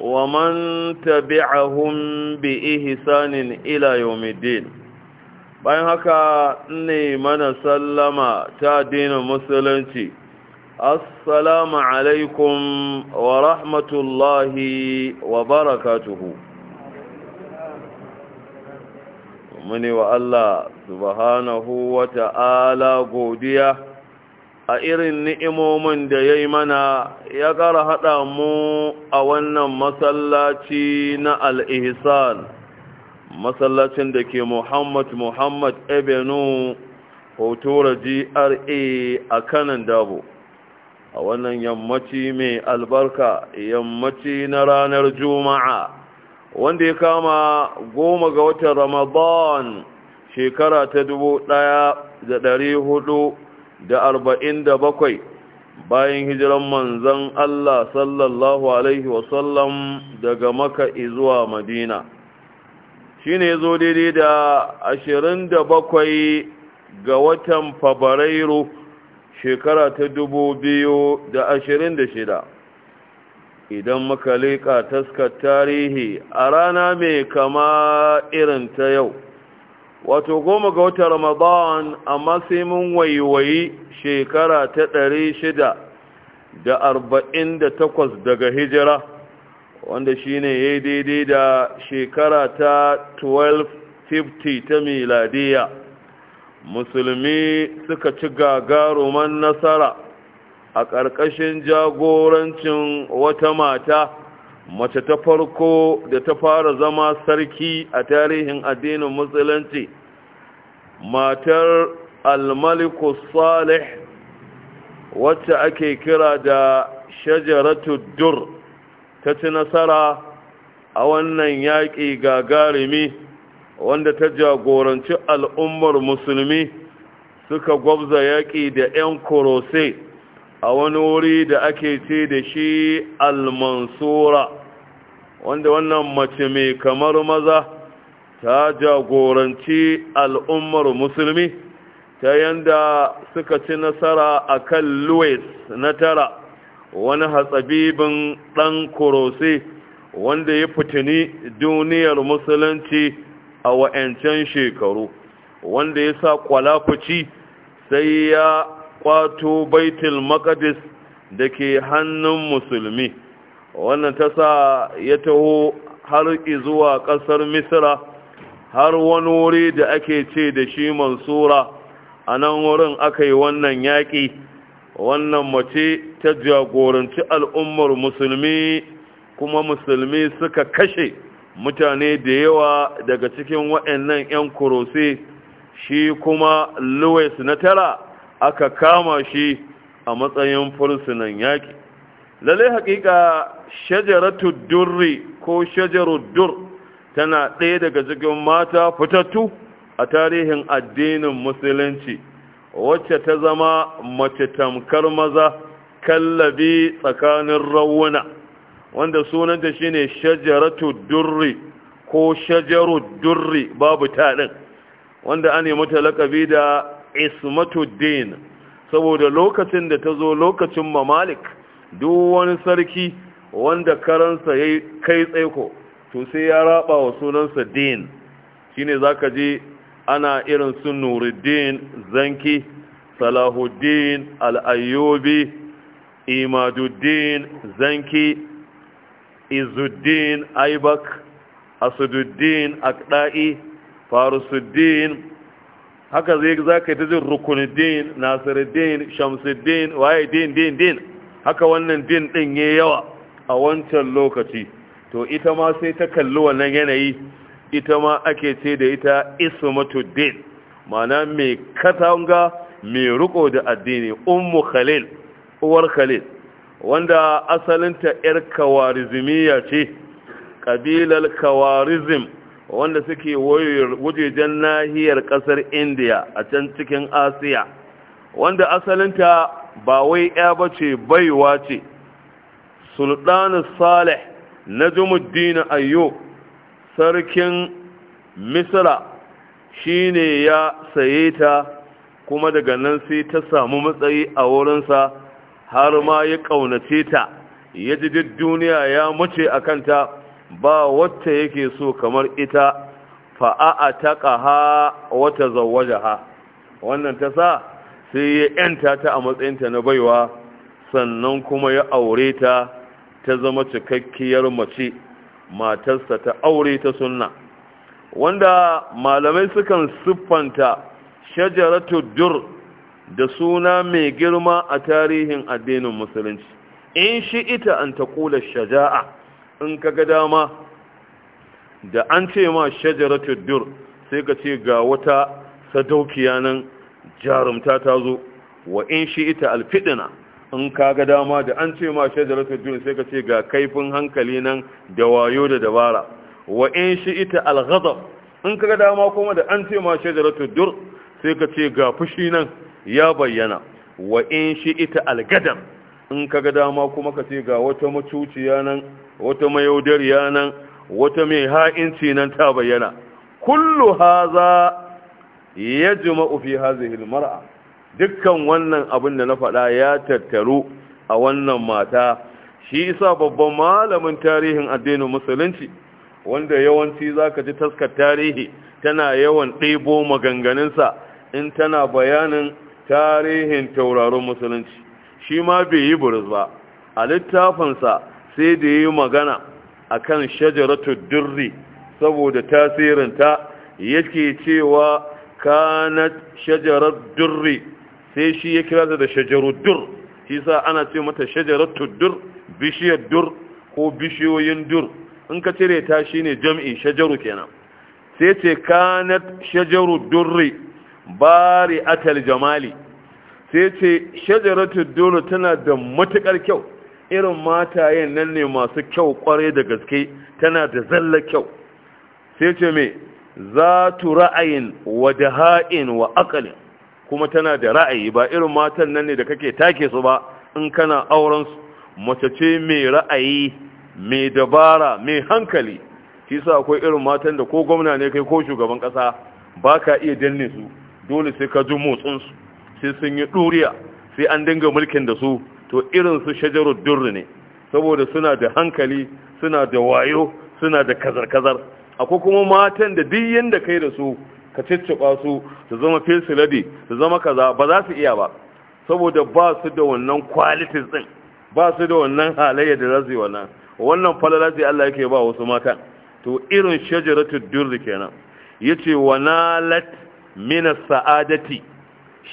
ومن تبعهم بإحسان إلى يوم الدين bayan haka ne mana sallama ta dina musulunci assalamu alaikum wa rahmatullahi wa barakatuhu muni wa Allah subhanahu wa ta'ala godiya a irin ni'imomin da ya yi mana ya ƙara haɗa mu a wannan masallaci na al'ihisan masallacin da ke muhammad muhammad ebenu hotora gra a kanan dabo a wannan yammaci mai albarka yammaci na ranar juma'a wanda ya kama goma ga watan ramadan shekara ta dubu ɗaya da ɗari hudu da arba'in da bakwai bayan hijiran manzan Allah sallallahu Alaihi wasallam daga maka zuwa madina shi ne zo daidai da ashirin da bakwai ga watan fabrairu shekara ta dubu biyu da ashirin da shida idan muka leƙa taskar tarihi a rana mai kama irin ta yau wato goma ga watan ramadan amma sai mun waiwayi shekara ta ɗari shida da arba'in da takwas daga hijira wanda shine ya daidai da shekara ta 1250 ta miladiya musulmi suka ci gagaruman nasara a ƙarƙashin jagorancin wata mata mace ta farko da ta fara zama sarki a tarihin addinin musulunci matar almaliku salih wacce ake kira da shajaratu dur ta ci nasara a wannan yaƙi gagarumi wanda ta jagoranci al'ummar musulmi suka gwabza yaƙi da 'yan korose a wani wuri da ake ce da shi almansura wanda wannan mace mai kamar maza ta jagoranci al'ummar musulmi ta yanda suka ci nasara a kan louis na tara wani hatsabibin ɗan Kurose, wanda ya fitini duniyar musulunci a wa'ancan shekaru wanda ya sa kwalafuci sai ya kwato baitul maqdis da ke hannun musulmi wannan ta sa ya taho har zuwa ƙasar misra har wani wuri da ake ce da shi mansura a nan wurin aka yi wannan yaƙi wannan mace ta jagoranci al'ummar musulmi kuma musulmi suka kashe mutane da yawa daga cikin waɗannan 'yan kurose shi kuma louis na tara aka kama shi a matsayin fursunan yaƙi lalle haƙiƙa shajaratu durri ko shajaru dur tana ɗaya daga cikin mata fitattu a tarihin addinin musulunci wacce ta zama mace tamkar maza kallabi tsakanin rawuna wanda sunanta shine shajaratu durri ko shajaru durri babu taɗin wanda an yi mata laƙabi da ismatuddin saboda lokacin da ta zo lokacin mamalik duk wani sarki wanda karansa ya kai tsaiko to sai ya raba wa sunansa din shine zaka je ana irin su nuruddin zanki salahuddin al'ayyobi, imaduddin zanki izuddin aibak asududdin akda'i farusuddin haka zai za ka yi ta jin din, Shamsu din, waye din din din haka wannan din din ya yawa a wancan lokaci to ita ma sai ta kalli wannan yanayi ita ma ake ce da ita din. mana mai katanga mai riko da addini ummu khalil uwar khalil wanda asalinta yar kawarizmiya ce kabilar kawarizm wanda suke wajejen nahiyar kasar indiya a can cikin asiya wanda asalinta ba wai ya bace baiwa ce sultan saleh na jumuddin sarkin misra shine ya saye ta kuma daga nan sai ta samu matsayi a wurinsa har ma ya kaunace ta ya ji duk duniya ya mace a kanta ba wacce yake so kamar ita wata wa ha wannan ta sa sai ya yanta ta a matsayinta na baiwa sannan kuma ya aure ta ta zama cikakkiyar mace matarsa ta aure ta sunna wanda malamai sukan siffanta shajaratu dur da suna mai girma a tarihin addinin musulunci in shi ita an ta shaja'a in ka ga dama da an ce ma shajaratu dur sai ka ce ga wata sadaukiya nan jarumta ta zo wa in shi ita alfidina in ka ga dama da an ce ma shajaratu dur sai ka ce ga kaifin hankali nan da wayo da dabara wa in shi ita alghadab in ka ga dama kuma da an ce ma shajaratu dur sai ka ce ga fushi nan ya bayyana wa in shi ita algadam in ka ga dama kuma ka ce ga wata mucuciya nan wata mai yaudar nan wata mai ha'inci nan ta bayyana kullu haza ya jima'u fi hazihil mar'a dukkan wannan abin da na faɗa ya tattaru a wannan mata shi isa babban malamin tarihin addinin musulunci wanda yawanci zaka ji taskar tarihi tana yawan ɗebo maganganunsa in tana bayanin tarihin tauraron musulunci shi ma bai yi burus ba a littafinsa sai da yi magana a kan shajaratu durri saboda tasirinta yake cewa kanat shajarar durri sai shi ya kira da shajaru dur shi sa ana ce mata shajaratu dur bishiyar dur ko bishiyoyin dur in ka cire ta shi ne jam'i shajaru kenan sai ce kanat shajaru durri bari atal jamali sai ce shajaratu durri tana da matukar kyau irin matayen nan ne masu kyau kwarai da gaske tana da zalla kyau sai ce me za tu ra'ayin wa daha'in wa akali kuma tana da ra'ayi ba irin matan nan ne da kake take su ba in kana auren su mace ce mai ra'ayi mai dabara mai hankali shi sa akwai irin matan da ko gwamna ne kai ko shugaban kasa ba ka iya danne su dole sai ka ji motsinsu sai sun yi duriya sai an dinga mulkin da su to irin su shajarar durr ne saboda suna da hankali suna da wayo suna da kazar-kazar akwai kuma matan da duk yanda kai da su ka cicciba su su zama fesiladi su zama kaza ba za su iya ba saboda ba su da wannan kwalitis din ba su da wannan halayya da zasu wannan wannan falala Allah yake ba wasu matan to irin shajaratul durri kenan yace wa Lat mina saadati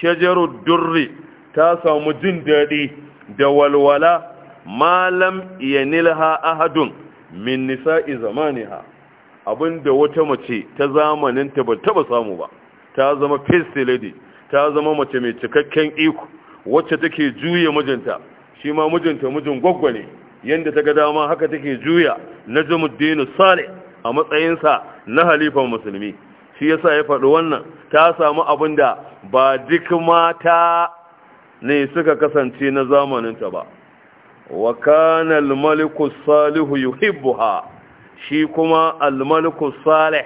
shajarar durri ta samu jin daɗi? da walwala malam yanilha ahadun min nisa'i zamaniha abinda wata mace ta zamanin ta ba taba samu ba ta zama face lady ta zama mace mai cikakken iko wacce take juye mijinta shi ma mijinta mijin gwaggwane, ne yanda ta ga dama haka take juya najmuddin salih a matsayinsa na halifan musulmi shi yasa ya faɗi wannan ta samu abinda ba duk mata ne suka kasance na zamaninta ba wa kana al-maliku salihu yuhibbuha shi kuma al salih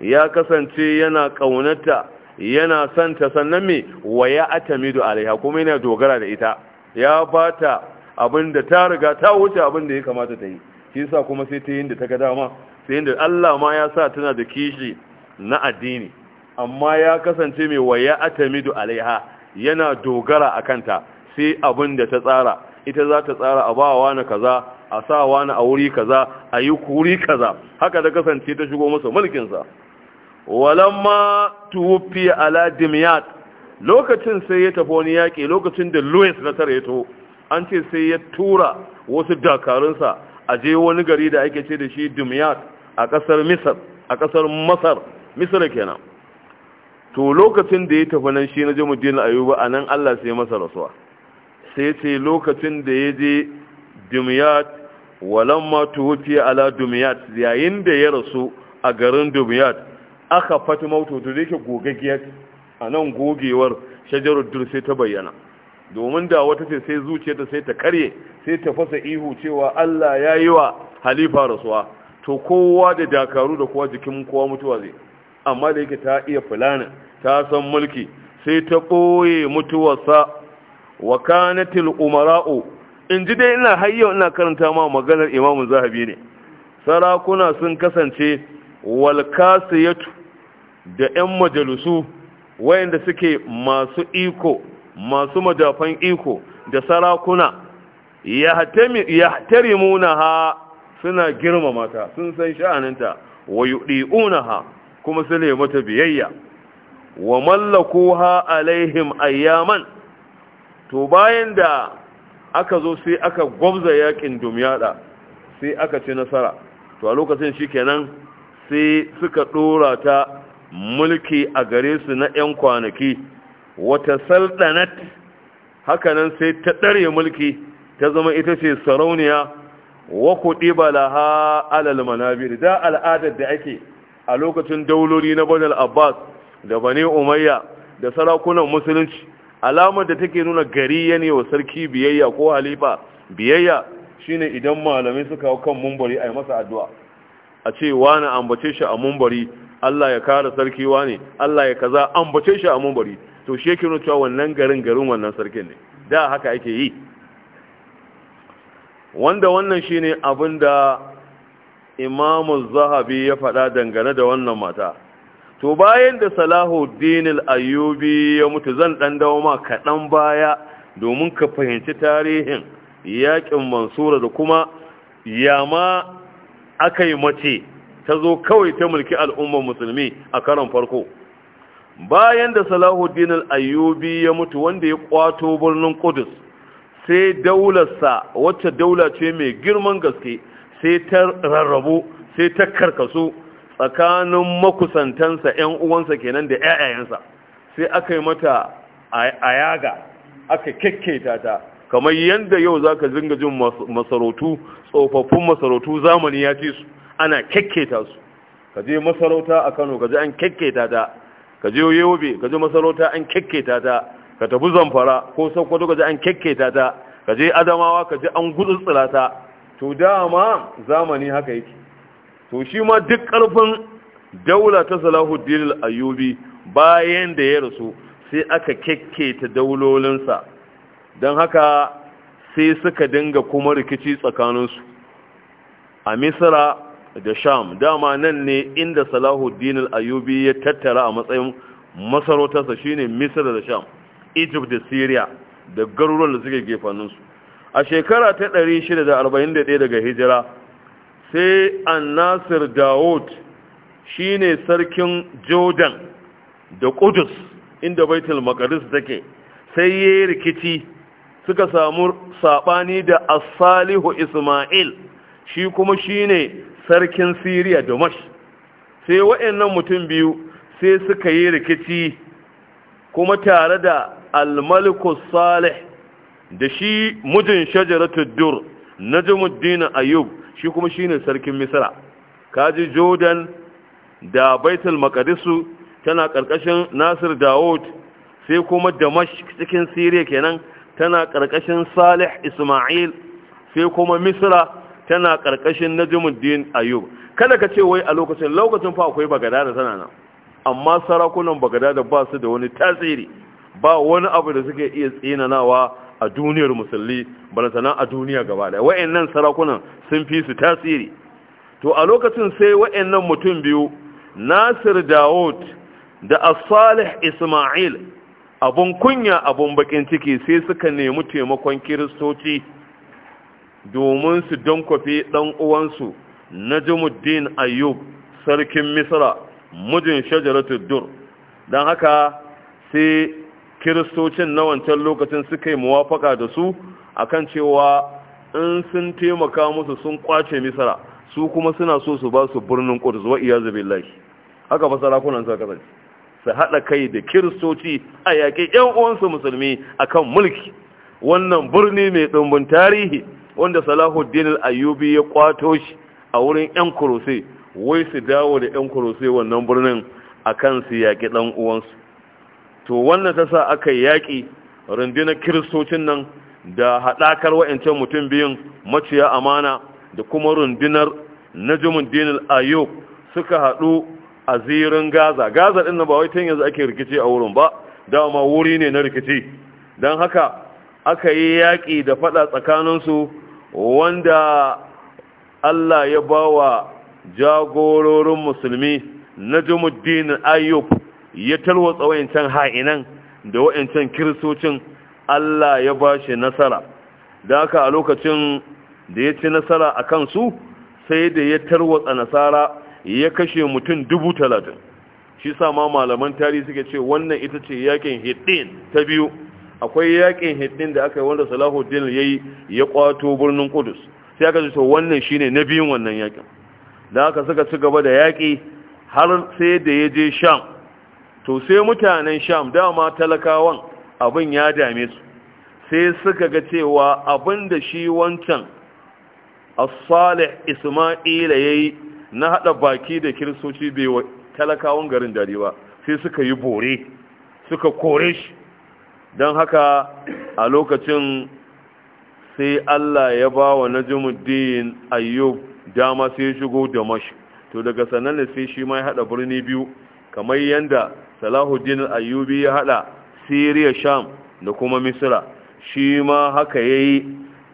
ya kasance yana ƙaunata yana santa sannan me wa ya atamidu alaiha kuma yana dogara da ita ya bata abinda ta riga ta wuce abinda ya kamata ta yi shi yasa kuma sai ta yi inda ta ga dama sai inda Allah ma ya sa tana da kishi na addini amma ya kasance mai waya atamidu alaiha yana dogara a kanta sai abin da ta tsara ita za ta tsara a bawa na kaza a sa wani a wuri kaza a yi kuri kaza haka da kasance ta shigo masa mulkinsa walamma tuwuffi ala dimyat lokacin sai ya tafi wani yaƙi lokacin da louis na tare to an ce sai ya tura wasu dakarunsa a je wani gari da ake ce da shi dimyat a ƙasar misar a ƙasar masar misar kenan to lokacin da ya tafi nan shi na jamuddin ayuba a nan allah sai masa rasuwa sai ce lokacin da ya je dumiyat ma tuhufi ala dumiyat yayin da ya rasu a garin dumiyat aka fata mautu da yake gogaggiyar a nan gogewar shajarar dur sai ta bayyana domin da wata ce sai zuciya ta sai ta karye sai ta fasa ihu cewa allah ya yi wa halifa rasuwa to kowa da dakaru da kowa jikin kowa mutuwa zai amma da yake ta iya fulana ta san mulki sai ta ɓoye mutuwarsa wa kanatil umara'u in ji dai ina hayyau ina karanta ma maganar imamun zahabi ne sarakuna sun kasance walkasiyatu da 'yan majalisu wayanda suke masu iko masu madafan iko da sarakuna ya tarimuna ha suna girmama ta sun san sha'aninta wa yuɗi'una ha kuma su ne mata biyayya wa mallaku ha alaihim ayyaman to bayan da aka zo sai aka gwabza yakin dumyada sai aka ci nasara to a lokacin shi shikenan sai suka dora ta mulki a gare su na 'yan kwanaki wata saldanat hakanan sai ta ɗare mulki ta zama ita ce sarauniya wa kuɗi balaha alal manabir da al'adar da ake a lokacin daulori na banal abbas da bane umayya da sarakunan musulunci alamar da take nuna gari ya ne wa sarki biyayya ko halifa biyayya shine idan malamai suka hau kan mumbari a yi masa addu'a a ce wani ambace shi a mumbari Allah ya kare sarki wani Allah ya kaza ambace shi a mumbari to shi yake nuna cewa wannan garin garin wannan sarkin ne da haka ake yi wanda wannan shine abin da imam zahabi ya faɗa dangane da wannan mata to bayan da salahuddin ayyubi ya mutu zan ɗan dawo ma kaɗan baya domin ka fahimci tarihin yaƙin mansura da kuma yama aka yi mace ta zo kawai ta mulki al'ummar musulmi a karon farko bayan da salahuddin ayyubi ya mutu wanda ya ƙwato birnin kudus sai daularsa wacce daula ce mai girman gaske sai ta rarrabu sai ta karkasu tsakanin makusantansa ‘yan uwansa kenan da ‘ya'yayensa sai aka yi mata a yaga aka kekketa ta kamar yadda yau za ka zinga jin masarautu tsofaffin masarautu zamani ya ce su ana kekketa su ka je masarauta a kano ka je an kekketa ta ka je yobe ka je masarauta an kekketa ta ka tafi zamfara ko sokoto ka je an kekketa ta ka je adamawa ka je an gudun ta to dama zamani haka yake to shi ma duk ƙarfin daula ta salahuddin al'ayyubi bayan da ya rasu sai aka kekketa daulolinsa don haka sai suka dinga kuma rikici tsakaninsu a Misira da sham dama nan ne inda salahuddin al'ayyubi ya tattara a matsayin masarautarsa shine Misira da sham egypt da syria da garuruwan da suke gefaninsu a shekara ta 641 daga hijira sai annasir dawud shine sarkin jordan da kudus inda baitul makaris take sai yayi rikici suka samu sabani da asalihu isma'il shi kuma shine sarkin siriya mash sai waɗannan mutum biyu sai suka yi rikici kuma tare da al salih da shi mijin shajaratu dur najmuddin ayub shi kuma shine sarkin misra kaji jordan da baitul maqdis tana karkashin nasir Dawud, sai kuma Damash cikin siriya kenan tana karkashin salih isma'il sai kuma misra tana karkashin najmuddin ayub kada ka ce wai a lokacin lokacin fa akwai bagada da tana nan amma sarakunan bagada da ba su da wani tasiri ba wani abu da suke iya tsinanawa a duniyar musulmi balantana a duniya gaba daya wa'annan sarakunan sun fi su tasiri to a lokacin sai wa'annan mutum biyu nasir dawud da as isma'il abun kunya abun bakin ciki sai suka nemi taimakon kiristoci domin su dankwafe dan uwansu najmuddin ayyub sarkin misra mujin shajaratul dur don haka sai kiristocin na wancan lokacin suka yi muwafaka da su akan cewa in sun taimaka musu sun kwace misara su kuma suna so su ba su birnin kudus wa zabe billahi haka fa sarakunan sa kasance su haɗa kai da kiristoci a yaƙi ƴan uwansu musulmi akan mulki wannan birni mai ɗumbin tarihi wanda salahuddin al-ayyubi ya kwato shi a wurin ƴan kurose wai su dawo da ƴan kurose wannan birnin akan su yaƙi ɗan uwansu to wannan ta sa aka yi yaƙi rundunar kiristocin nan da haɗakar wa'ancan mutum biyun maciya amana da kuma rundunar najumin dinin ayyub suka haɗu a zirin gaza gaza ɗin na ba wai tun yanzu ake rikici a wurin ba dama wuri ne na rikici don haka aka yi yaƙi da faɗa tsakaninsu wanda allah ya ba wa jagororin musulmi najumin dinin ayyub ya tarwatsa wayancan ha'inan da wayancan kiristocin Allah ya ba shi nasara da haka a lokacin da ya ci nasara a kansu sai da ya tarwatsa nasara ya kashe mutum dubu talatin shi ma malaman tarihi suke ce wannan ita ce yakin hiddin ta biyu akwai yakin hiddin da aka yi wanda salahuddin ya yi ya kwato birnin kudus sai aka ce wannan shi ne na biyun wannan yakin da haka suka ci gaba da yaƙi har sai da ya je sham to sai mutanen sham dama talakawan abin ya dame su sai suka ga cewa abin da shi wancan as-salih ya yi na hada baki da kiristoci bai wa talakawan garin dare ba sai suka yi bore suka kore shi don haka a lokacin sai Allah ya ba wa Najmuddin Ayyub dama sai shigo shigo mashi to daga da sai shi ma ya hada birni biyu kamar yadda. salahuddin ayyubi ya hada siriya sham da kuma misira shi ma haka yayi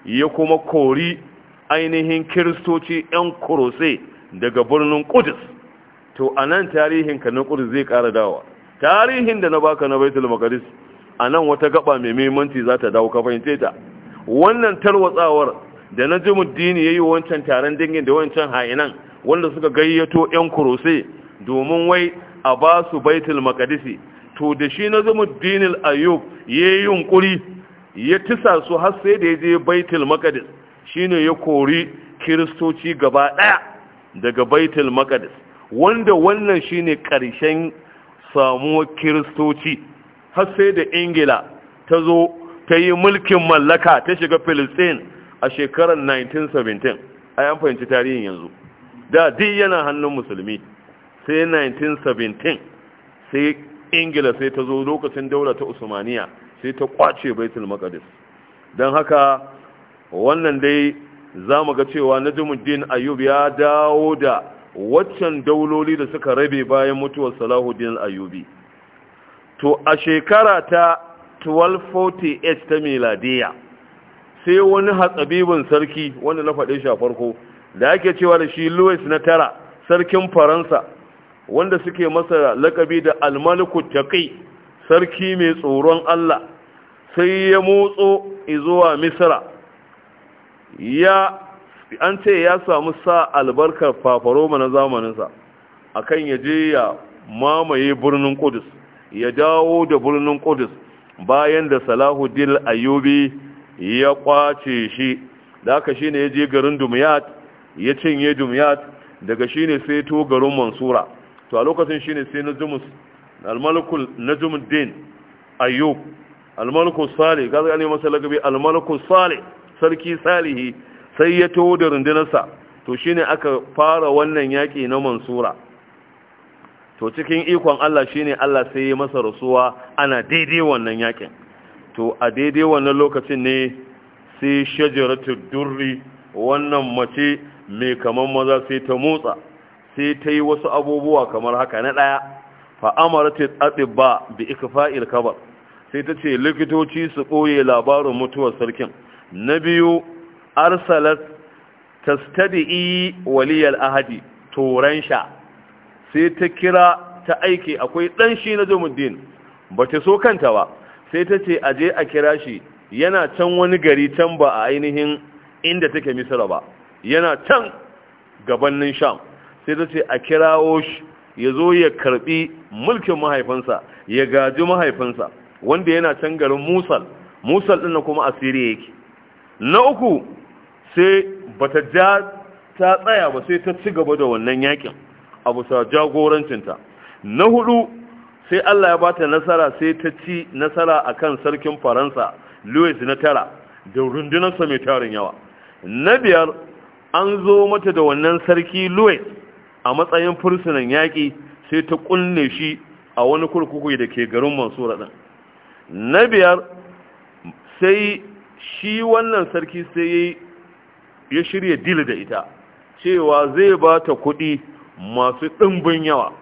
ya kuma kori ainihin kiristoci 'yan kurose daga birnin kudus to a nan ka na kudus zai ƙara dawa tarihin da na baka na baitul Maqdis anan wata gaba mai muhimmanci za ta dawo fahimce ta wannan tarwatsawar da na ji muddini ya wancan taron dangin da wancan hainan wanda suka gayyato 'yan kurose domin wai a ba su baitul makadisi to da shi na zama dinil ayyub ya yi yunkuri ya tisa su har sai da ya je baitul makadis shine ya kori kiristoci gaba ɗaya daga baitul makadis wanda wannan shine ƙarshen samuwar kiristoci har sai da ingila ta zo ta yi mulkin mallaka ta shiga filistin a shekarar 1917 a yan fahimci tarihin yanzu da duk yana hannun musulmi sai 1917 sai ingila sai ta zo lokacin daular ta usmaniya sai ta kwace baitul maqdis don haka wannan dai za mu ga cewa najmuddin Ayub ya dawo da waccan dauloli da suka rabe bayan mutuwar salahuddin ayyubi to a shekara ta 1248 ta miladiya sai wani hatsabibin sarki wanda na faɗe shi a farko da ake cewa da shi louis na tara sarkin faransa wanda suke masa lakabi da almaliku taqi sarki mai tsoron Allah sai ya motso zuwa misra ya an ce ya samu sa albarkar fafaroma na zamaninsa akan ya je ya mamaye birnin kudus ya dawo da birnin kudus bayan da salahuddin ayyubi ya kwace shi da aka shine yaje ya je garin dumiyat ya cinye dumiyat daga shine saito sai to garin mansura to a lokacin shine sai najumus almalikul najmuddin ayyub almalikul salih kaza ne masa lagabi almalikul salih sarki salihi sai ya to da rundunarsa to shine aka fara wannan yaki na mansura to cikin ikon Allah shine Allah sai ya masa rasuwa ana daidai wannan yakin to a daidai wannan lokacin ne sai shajaratu durri wannan mace mai kaman maza sai ta motsa sai ta yi wasu abubuwa kamar haka na ɗaya fa'amara ta ba bi fa’il kabar sai ta ce likitoci su ɓoye labarin mutuwar sarkin na biyu arsalat iyi waliyar ahadi turan sha sai ta kira ta aiki akwai ɗan shi na jumuddin ba ta so kanta ba sai ta ce aje a kira shi yana can wani gari can ba a ainihin inda take misira ba yana can gabanin sham sai ta ce a kirawo shi ya zo ya karbi mulkin mahaifinsa ya gaji mahaifinsa wanda yana can garin musal musal ɗin kuma asiri yake na uku sai bata ja ta tsaya ba sai ta ci gaba da wannan yakin a bisa jagorancinta na hudu sai Allah ya bata nasara sai ta ci nasara a kan sarkin faransa louis na tara da rundunarsa mai tarin yawa na biyar an zo mata da wannan sarki louis a matsayin fursunan yaƙi sai ta ƙulle shi a wani kurkuku da ke garin mansura ɗan na biyar sai shi wannan sarki sai ya shirya dil da ita cewa zai ba ta kuɗi masu ɗimbin yawa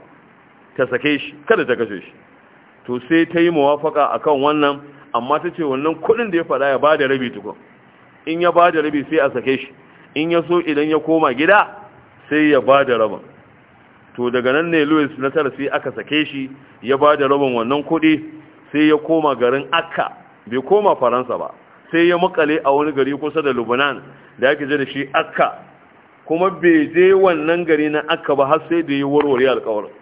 ta sake shi kada ta kashe shi to sai ta yi mawafaka a kan wannan amma ta ce wannan kuɗin da ya faɗa ya ba da rabi tukun in ya ba da rabi sai a sake shi in ya so idan ya koma gida sai ya ba da rabin to daga nan ne louis na tara sai aka sake shi ya ba da rabin wannan kuɗi sai ya koma garin akka bai koma faransa ba sai ya makale a wani gari kusa da lubanan da ake je da shi akka kuma bai je wannan gari na akka ba har sai da ya warware alkawarin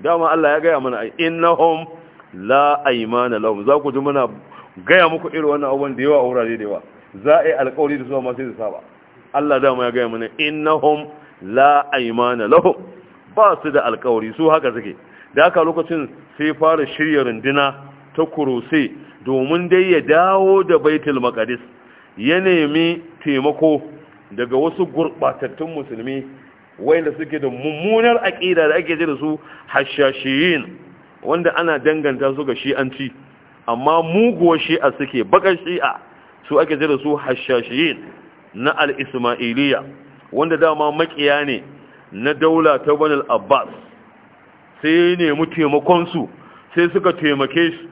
dama allah ya gaya mana innahum la aymana lahum za ku ji muna gaya muku irin wannan abubuwan da yawa a wurare da yawa za a yi alkawari da su ma sai su saba allah dama ya gaya mana innahum la aymana lahum ba su da alkawari su haka suke da haka lokacin sai fara shirya runduna ta kurose domin dai ya dawo da baitul maqdis ya nemi taimako daga wasu gurbatattun musulmi wanda suke da mummunar aqida da ake ji da su hashashiyin wanda ana danganta su ga shi'anci amma muguwar shi'a suke bakar shi'a su ake ji da su hashashiyin na al-ismailiyya wanda dama makiya ne na daula ta banal abbas sai ya nemi taimakonsu sai suka taimake shi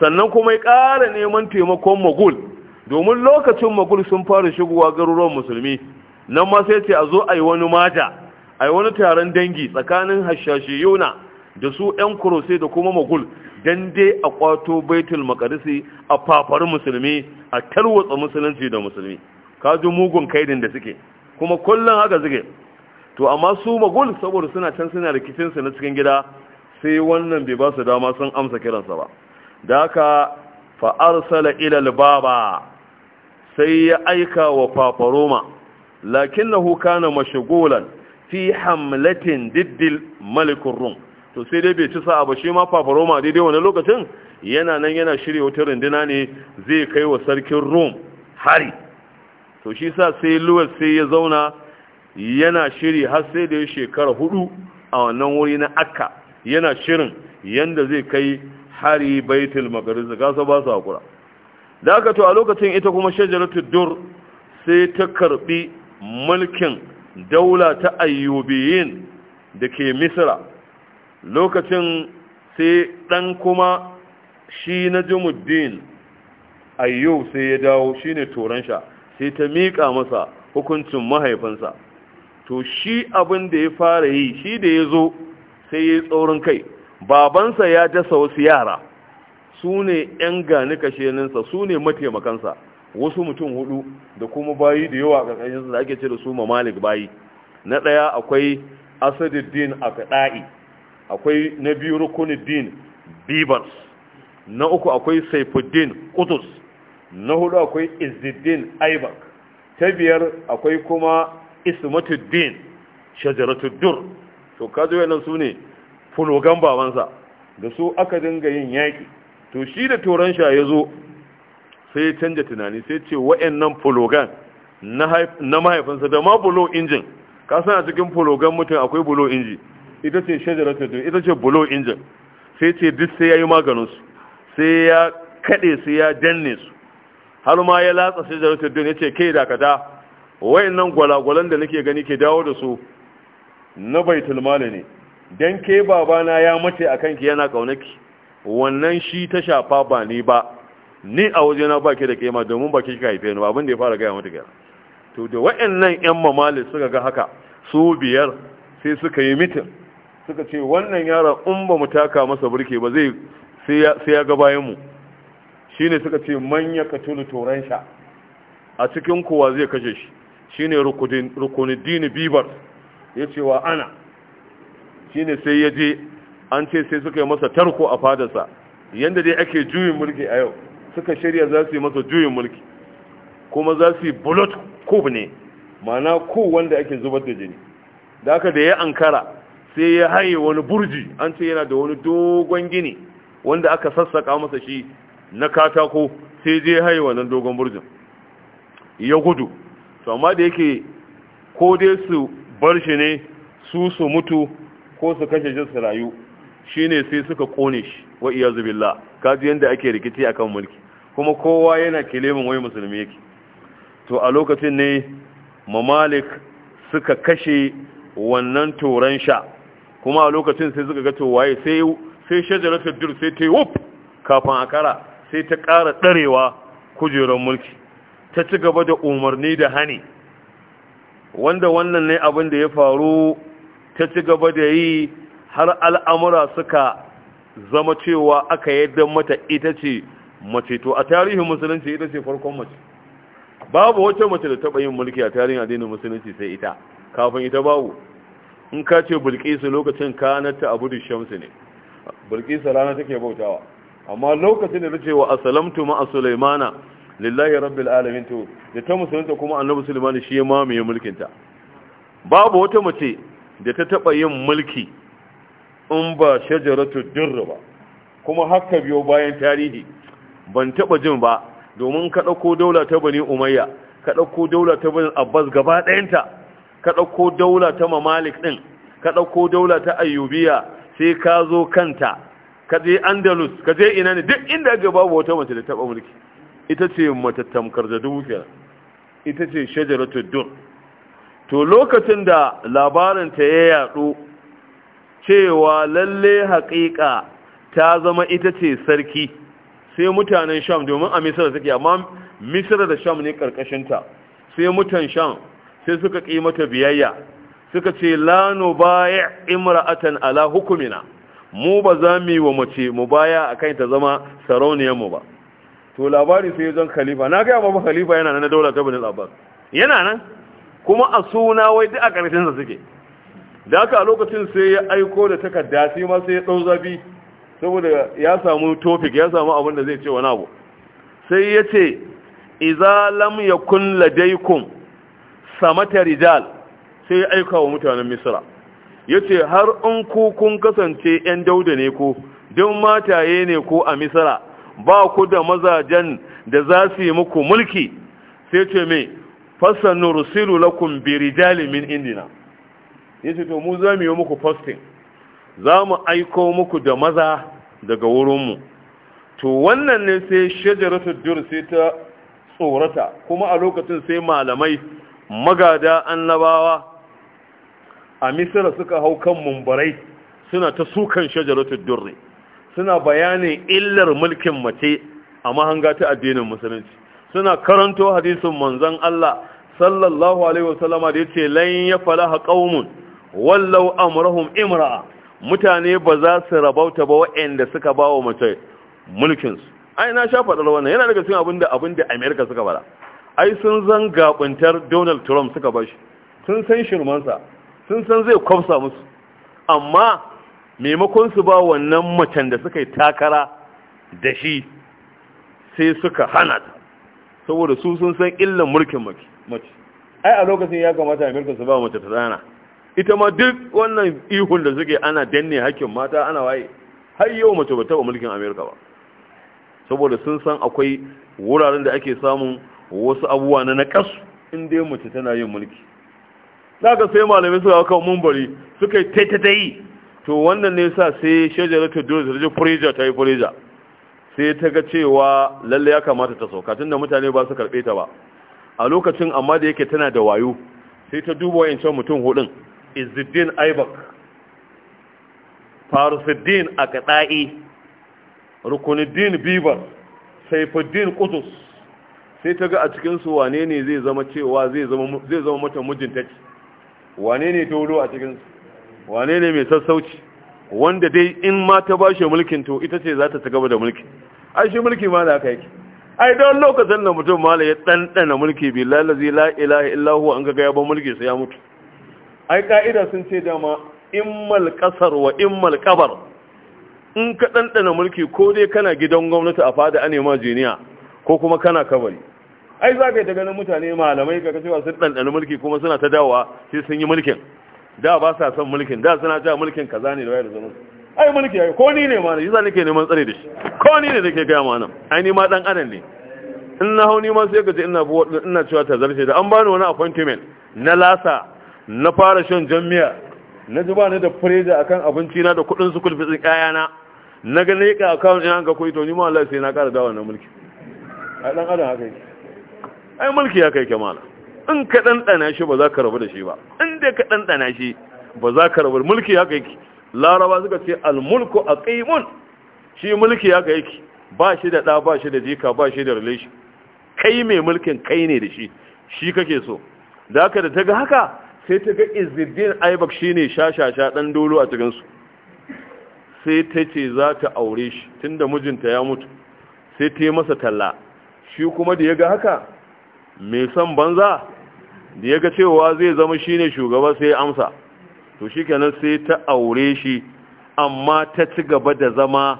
sannan kuma ya ƙara neman taimakon magul domin lokacin magul sun fara shigowa garuruwan musulmi nan ma sai ce a zo a yi wani maja a yi wani taron dangi tsakanin hashashi yona da su 'yan kurose da kuma magul don dai a kwato baitul makarisi a fafar musulmi a tarwatsa musulunci da musulmi ka ji mugun kaidin da suke kuma kullum haka suke to amma su magul saboda suna can suna rikicinsu na cikin gida sai wannan bai ba su dama sun amsa kiransa ba da haka fa'arsala ilal baba sai ya aika wa fafaroma lakin na na mashigolan fi hamlatin diddil malikun rum to sai dai bai ci sa'a ba shi ma fafaroma daidai wani lokacin yana nan yana shirya wata rundina ne zai kai wa sarkin rum hari to shi sa sai luwas sai ya zauna yana shiri har sai da ya shekara hudu a wannan wuri na akka yana shirin yanda zai kai hari baitul maqdis su, ba su hakura da aka to a lokacin ita kuma shajaratul dur sai ta karbi mulkin daula ta ayyubiyin da ke misra lokacin sai dan kuma shi na jumuddin ayyub sai ya dawo shine toran sha sai ta miƙa masa hukuncin mahaifinsa to shi abin da ya fara yi shi da ya zo sai ya yi tsaurin kai babansa ya dasa wasu yara su ne 'yan gani kasheninsa su ne mataimakansa wasu mutum hudu da kuma bayi da yawa a ƙarƙashinsa da ake ce da su mamalik bayi na ɗaya akwai Asadiddin a kaɗa'i akwai na biyu rukunuddin bibars na uku akwai saifuddin kutus na hudu akwai izziddin aibak ta biyar akwai kuma ismatuddin shajaratudur to kaji wayannan su ne fulogan babansa da su aka dinga yin yaƙi to shi da toron sha ya zo sai ya canja tunani sai ce wayannan fulogan na mahaifinsa da ma bulo injin ka san a cikin fulogan mutum akwai bulo inji ita ce shajaratudur ita ce bulo injin sai ce duk sai ya yi maganinsu sai ya kaɗe su ya danne su har ma ya latsa shajaratudur ya ce kai dakata wayannan gwalagwalan da nake gani ke dawo da su na baitul mali ne dan ke babana ya mace akan ki yana kaunaki wannan shi ta shafa ba ni ba ni a waje ba ke da kema domin ba ki kika haife ni ba abin da ya fara gaya mata kenan to da wayannan yan mamali suka ga haka su biyar sai suka yi mitin suka ce wannan yaron in ba mu taka masa burke ba zai sai ya ga bayan mu shine suka ce manya katulu toran sha a cikin kowa zai kashe shi shine rukunuddin bibar ya ce wa ana shine sai ya an ce sai suka yi masa tarko a fadarsa yadda dai ake juyin mulki a yau suka shirya za su yi masa juyin mulki kuma za su yi bullet ne mana ko wanda ake zubar da jini da aka da ya ankara sai ya haye wani burji an ce yana da wani dogon gini wanda aka sassaka masa shi na katako sai je haye wannan dogon burjin ya gudu to amma da yake ko dai su bar shi ne su su mutu ko su kashe shi su rayu shine sai suka kone shi wa iyazu billah kaji yanda ake rikici akan mulki kuma kowa yana kelemin wai musulmi yake to a lokacin ne mamalik suka kashe wannan toran sha kuma a lokacin sai suka ga to waye sai sai shajaratul dur sai ta yi wuf kafin a kara sai ta ƙara ɗarewa kujerar mulki ta ci gaba da umarni da hani wanda wannan ne abin da ya faru ta ci gaba da yi har al'amura suka zama cewa aka yadda mata ita ce mace to a tarihin musulunci ita ce farkon mace babu wata mace da taɓa yin mulki a tarihin addinin musulunci sai ita kafin ita babu in ka ce bilkisu lokacin kanata abu da shamsu ne bilkisu rana take bautawa amma lokacin da ta ce wa asalamtu ma'a sulaimana lillahi rabbil alamin to da ta musulunta kuma annabi Sulaimani shi ya mamaye mulkin ta babu wata mace da ta taba yin mulki in ba shajaratu dirra ba kuma haka biyo bayan tarihi ban taba jin ba domin ka dauko daula ta bani umayya ka dauko daula ta bani abbas gaba ɗayanta ka dauko daula ta mamalik din ka dauko daula ta ayyubiya sai ka zo kanta ka je andalus ka je ina ne duk inda ga babu wata mace da taba mulki ita ce matattamkar da dubu kenan ita ce shajaratu dur to lokacin da labarin ta ya yadu cewa lalle haƙiƙa ta zama ita ce sarki sai mutanen sham domin a da suke amma misar da sham ne ƙarƙashinta sai mutan sham sai suka ƙi mata biyayya suka ce la nubayi' imra'atan ala hukumina mu ba za mu yi wa mace mu baya akan ta zama sarauniyar mu ba to labari sai zan khalifa na ga babu khalifa yana nan na daular ta al abbas yana nan kuma a suna wai duk a karshen sa suke da haka a lokacin sai ya aiko da takarda sai ma sai ya dau zabi saboda ya samu topic ya samu abin da zai ce wani abu sai ya ce idza lam yakun ladaykum samata rijal sai ya aika wa mutanen misra yace har in ku kun kasance yan dauda ne ko don mataye ne ko a misra ba ku da mazajen da za su yi muku mulki sai ce me fasanu rusilu lakum bi rijali min indina yace to mu za mu yi muku fastin za mu aiko muku da maza daga wurinmu to wannan ne sai shajaratu dur sai ta tsorata kuma a lokacin sai malamai magada annabawa a misira suka hau kan mumbarai suna ta sukan shajaratul durri suna bayanin illar mulkin mace a mahanga ta addinin musulunci suna karanto hadisin manzon Allah sallallahu alaihi wasallama da yace lan falaha qaumun wallau amrahum imra'a mutane ba za su rabauta ba waɗanda suka bawo mace mulkin su ai na sha faɗar wannan yana daga cikin abinda abinda America suka bara ai sun zan gabuntar Donald Trump suka bashi sun san shirmansa sun san zai kwafsa musu amma maimakon su ba wannan macen da suka yi takara da shi sai suka hana ta saboda su sun san illan mulkin mace ai a lokacin ya kamata a mulkin su ba mace ta tsana ita ma duk wannan ihun da suke ana danne hakkin mata ana waye har yau mace ba taɓa mulkin amerika ba saboda sun san akwai wuraren da ake samun wasu abubuwa na naƙasu in mace tana yin mulki za ka sai malamai suka kawo mumbari suka yi to wannan ne sa sai ta dole da furija ta yi furija sai ta ga cewa lalle ya kamata ta sauka tun da mutane ba su karbe ta ba a lokacin amma da yake tana da wayo sai ta duba can mutum hudun izzuddin aibak farusuddin kaɗa'i rukunuddin bibar saifuddin Kudus, sai ta ga a cikinsu wane ne zai zama cewa zai zama mutum mata wane ne ta wuro a cikinsu? wane ne mai sassauci wanda dai in ma ta ba shi mulkin to ita ce za ta gaba da mulki ai shi mulki ma da aka yake ai don lokacin da mutum ma ya ɗanɗana mulki bi lalazi la ilaha illahu an ga gaya ban mulki sai ya mutu ai ka'ida sun ce dama mal kasar wa mal kabar in ka ɗanɗana mulki ko dai kana gidan gwamnati a fada ane ma jiniya ko kuma kana kabari ai za ka yi ta ganin mutane malamai ka kacewa sun ɗanɗana mulki kuma suna ta dawowa sai sun yi mulkin da ba sa son mulkin da suna cewa mulkin kaza ne da wayar zaman ai mulki ai ko ni ne ma ne yasa nake neman tsare da shi ko ni ne nake gaya ma nan ai ni ma dan adam ne in na hau ni ma sai ka ce ina ina cewa ta zarce da an bani wani appointment na lasa na fara shan jami'a na ji ba ni da freja akan abinci na da kudin su fitsin kayana na na ga leka account ina ga koyi to ni ma Allah sai na ƙara da na mulki ai dan adam haka yake ai mulki ya kai kamala in ka ɗanɗana shi ba za ka rabu da shi ba in dai ka ɗanɗana shi ba za ka rabu mulki haka yake laraba suka ce almulku a ƙaimun. shi mulki haka yake ba shi da ɗa ba shi da jika ba shi da relation kai mai mulkin kai ne da shi shi kake so da haka da ta ga haka sai ta ga Izidin aibak shi ne shashasha ɗan dolo a cikinsu sai ta ce za ta aure shi tun da mijinta ya mutu sai ta yi masa talla shi kuma da ya ga haka mai son banza da ya ga cewa zai zama shi ne shugaba sai amsa to kenan sai ta aure shi amma ta ci gaba da zama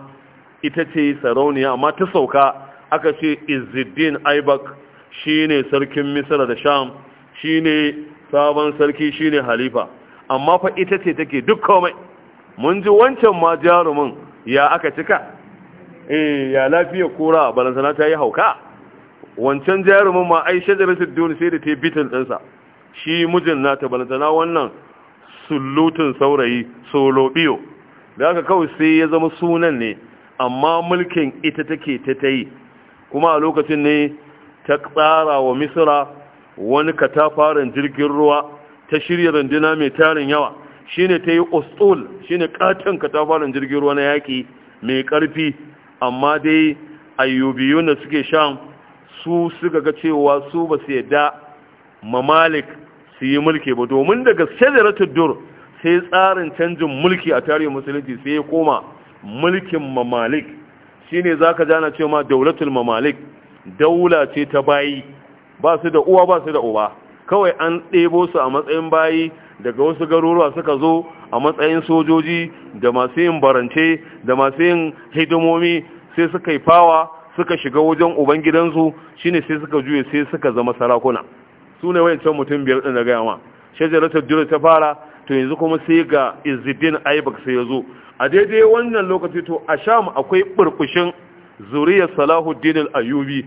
ita ce sarauniya amma ta sauka aka ce izidin aibak ne sarkin misra da sham Shi ne sabon sarki shi ne halifa amma fa ita ce take duk komai mun ji wancan ma jarumin ya aka cika eh ya lafiya kura balantana ta yi hauka wancan jarumin ma ai shajaratul duni sai da ta bitin ɗinsa shi mijin ta balantana wannan sullutun saurayi solo biyo da aka kawai sai ya zama sunan ne amma mulkin ita take ta ta yi kuma a lokacin ne ta tsara wa misira wani katafaren jirgin ruwa ta shirya runduna mai tarin yawa shine ta yi ostul shine katon katafaren jirgin ruwa na yaƙi mai ƙarfi amma dai ayyubiyu da suke sham su suka ga cewa su ba su yadda mamalik su yi mulki ba domin daga shajaratul dur sai tsarin canjin mulki a tarihin musulunci sai ya koma mulkin mamalik za ka jana cewa daulatul mamalik daula ce ta bayi ba su da uwa ba su da uba kawai an ɗebo su a matsayin bayi daga wasu garuruwa suka zo a matsayin sojoji da masu yin barance da masu yin hidimomi sai suka yi fawa suka shiga wajen ubangidansu shine sai suka juye sai suka zama sarakuna su ne wayancan mutum biyar din da gaya ma shajaratar dole ta fara to yanzu kuma sai ga izidin aibak sai ya zo a daidai wannan lokaci to a sham akwai burkushin zuriyar salahuddin al-ayubi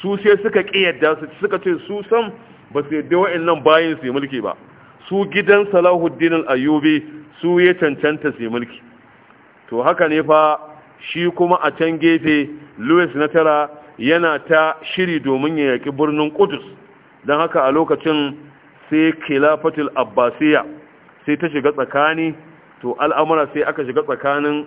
su sai suka kiyarda su suka ce su san ba su yadda wa'annan bayin su mulki ba su gidan salahuddin al-ayubi su ya cancanta su mulki to haka ne fa shi kuma a can gefe louis na tara yana ta shiri domin ya yaki birnin kudus don haka a lokacin sai khilafatul abbasiya sai ta shiga tsakani to al'amura sai aka shiga tsakanin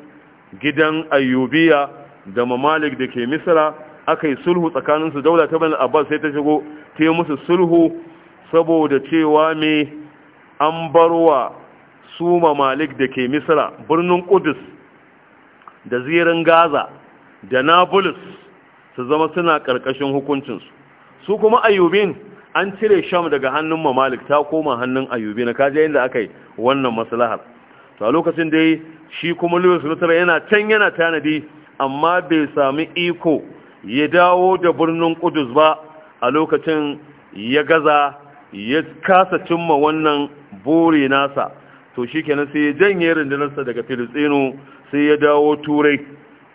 gidan ayyubiya da mamalik da ke misra aka yi sulhu tsakaninsu daula ta bani abbas sai ta shigo ta yi musu sulhu saboda cewa me an barwa su mamalik da ke misra birnin kudus da zirin gaza da nablus su zama suna ƙarƙashin hukuncinsu su kuma ayyubin an cire sham daga hannun mamalik ta koma hannun ayyubi na kaji yadda aka yi wannan maslahar to a lokacin da shi kuma lewis luther yana can yana tanadi amma bai sami iko ya dawo da birnin kudus ba a lokacin ya gaza ya kasa cimma wannan buri nasa to shikenan sai ya janye rundunarsa daga filistinu sai ya dawo turai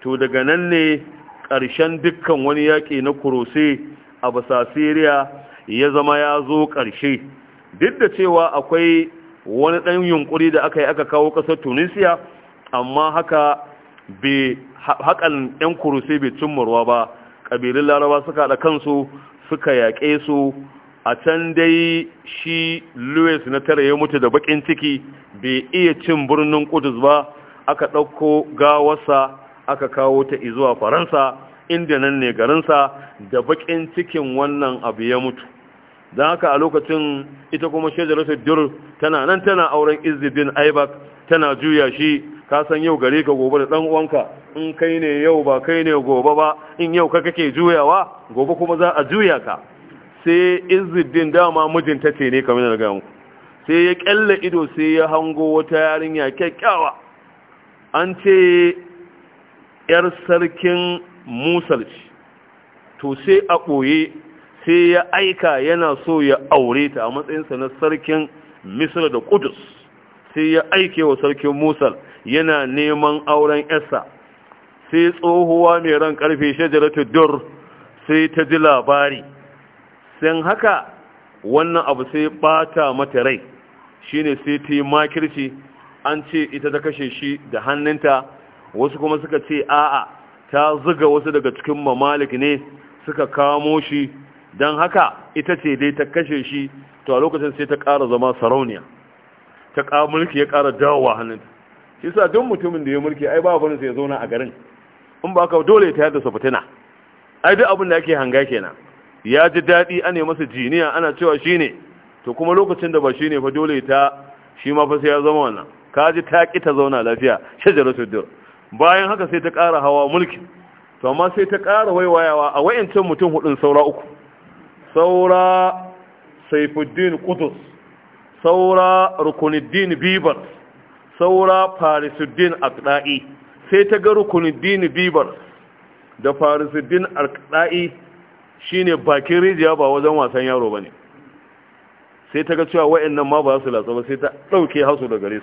to daga nan ne ƙarshen dukkan wani yaƙi na kurose a basa siriya ya zama ya zo ƙarshe duk da cewa akwai wani ɗan yunƙuri da aka yi aka kawo ƙasar tunisiya amma haka haƙan 'yan kurose bai cimmarwa ba ƙabilun laraba suka haɗa kansu suka yaƙe su a can dai shi louis na tara ya mutu da bakin ciki bai iya cin birnin kudus ba aka ɗauko gawarsa aka kawo ta izuwa faransa inda nan ne garinsa da bakin cikin wannan abu ya mutu don haka a lokacin ita kuma shajaratu dur tana nan tana auren Izidin aibak tana juya shi ka san yau gare ka gobe da dan uwanka in kai ne yau ba kai ne gobe ba in yau ka kake juyawa gobe kuma za a juya ka sai Izidin dama mijinta ce ne kamar daga ga sai ya kyalle ido sai ya hango wata yarinya kyakkyawa an ce ‘yar sarkin musal ce to sai a ɓoye sai ya aika yana so ya aure ta a matsayinsa na sarkin misra da kudus sai ya aike wa sarkin Musa yana neman auren Esa. sai tsohuwa mai ran karfe shajaratu dur sai ta ji labari Sai haka wannan abu sai bata mata rai shine sai ta yi makirci an ce ita ta kashe shi da hannunta wasu kuma suka ce a'a ta zuga wasu daga cikin mamalik ne suka kamo shi don haka ita ce dai ta kashe shi to a lokacin sai ta ƙara zama sarauniya ta ƙara mulki ya ƙara dawowa ta shi sa duk mutumin da ya mulki ai ba wani sai ya zauna a garin in ba ka dole ta yadda su fitina ai duk abin da ake hanga kenan ya ji daɗi ana masa jiniya ana cewa shi ne to kuma lokacin da ba shi ne fa dole ta shi ma fa sai ya zama wannan ka ji ta ƙi ta zauna lafiya shajaratu dur bayan haka sai ta ƙara hawa mulki to amma sai ta ƙara waiwayawa a wayancin mutum hudun saura uku saura saifuddin kudus saura rukuniddin bibar saura farisuddin akda'i sai ta ga rukuniddin bibar da farisuddin akda'i shine bakin rijiya ba wajen wasan yaro ba ne. sai ta ga cewa wayannan ma ba su latsa ba sai ta ɗauke hasu da gare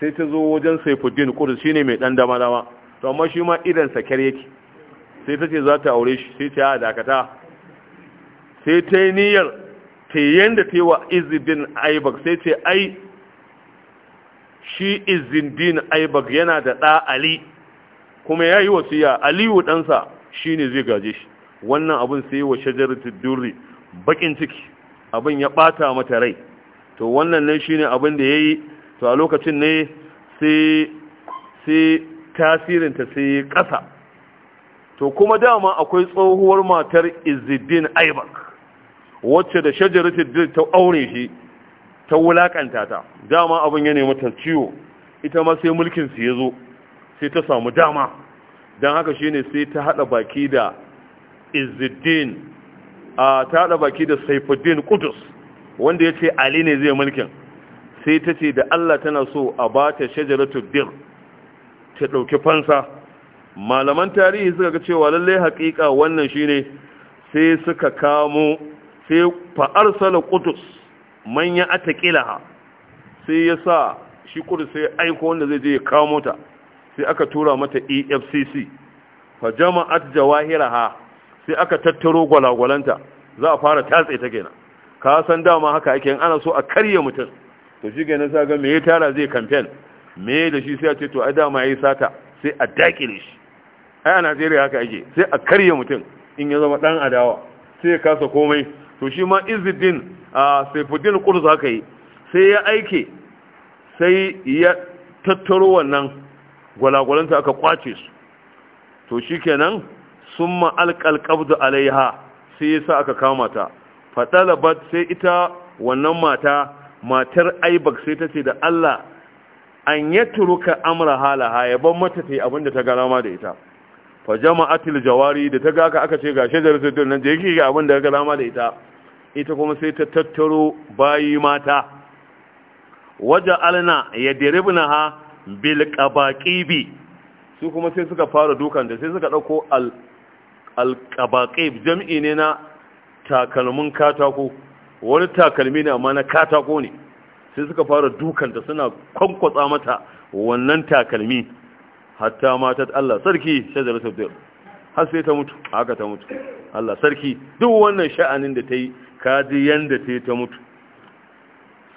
sai ta zo wajen saifuddin kudu shi ne mai ɗan dama dama to amma shi ma idan sakar yake sai ta ce za ta aure shi sai ta yi dakata sai ta yi niyyar ta yi yadda ta yi wa izidin aibak sai ta ai shi izidin aibak yana da ɗa ali kuma ya yi wasu ya aliyu ɗansa shi ne zai gaje shi wannan abin sai wa shajarar durri bakin ciki abin ya ɓata mata rai to wannan nan shi ne abin da ya yi to a lokacin ne sai tasirinta sai ƙasa to kuma dama akwai tsohuwar matar izidin aibak wacce da shajaratul ta aure shi ta wulaƙanta ta dama abin ya nemi ta ciwo ita ma sai mulkin su zo, sai ta samu dama dan haka shine sai ta hada baki da Izidin, a ta hada baki da Saifuddin Qudus wanda yace Ali ne zai mulkin sai ta ce da Allah tana so a ba ta shajaratu dir ta ɗauki fansa malaman tarihi suka ga cewa lallai haƙiƙa wannan shine sai suka kamo sai fa'arsala manyan manya ataqilaha sai ya sa shi kudu sai aiko wanda zai je ya kamo ta sai aka tura mata EFCC fa jama'at jawahiraha sai aka tattaro gwalagwalanta za a fara tatse ta kenan ka san dama haka ake ana so a karye mutum to shi ga nasa ga me ya tara zai kamfen me da shi sai a ce to a dama yayi sata sai a dakile shi ai a Najeriya haka ake sai a karye mutum in ya zama dan adawa sai ya kasa komai to shi ma izuddin a Saifuddin kurzu haka yi sai ya aike sai ya tattaro wannan gwalagwalanta aka kwace su to shi kenan sun ma alaiha sai ya sa aka kama ta fatalabat sai ita wannan mata matar aibak sai ta ce da Allah an ya turuka amra halaha ya ban mata ta yi abin da ta gana ma da ita fa jama'atul jawari da ta gaka aka ce ga shajar sirrin nan je yake ga abin da gana ma da ita ita kuma sai ta tattaro bayi mata waje alna ya diribna ha bil qabaqibi su kuma sai suka fara dukan da sai suka dauko al al qabaqib jam'i ne na takalmin katako wani takalmi ne amma na katako ne sai suka fara dukanta suna kwankwatsa mata wannan takalmi hatta matat Allah sarki shajarar sabdiyar har sai ta mutu haka ta mutu Allah sarki duk wannan sha'anin da ta yi kaji yanda ta ta mutu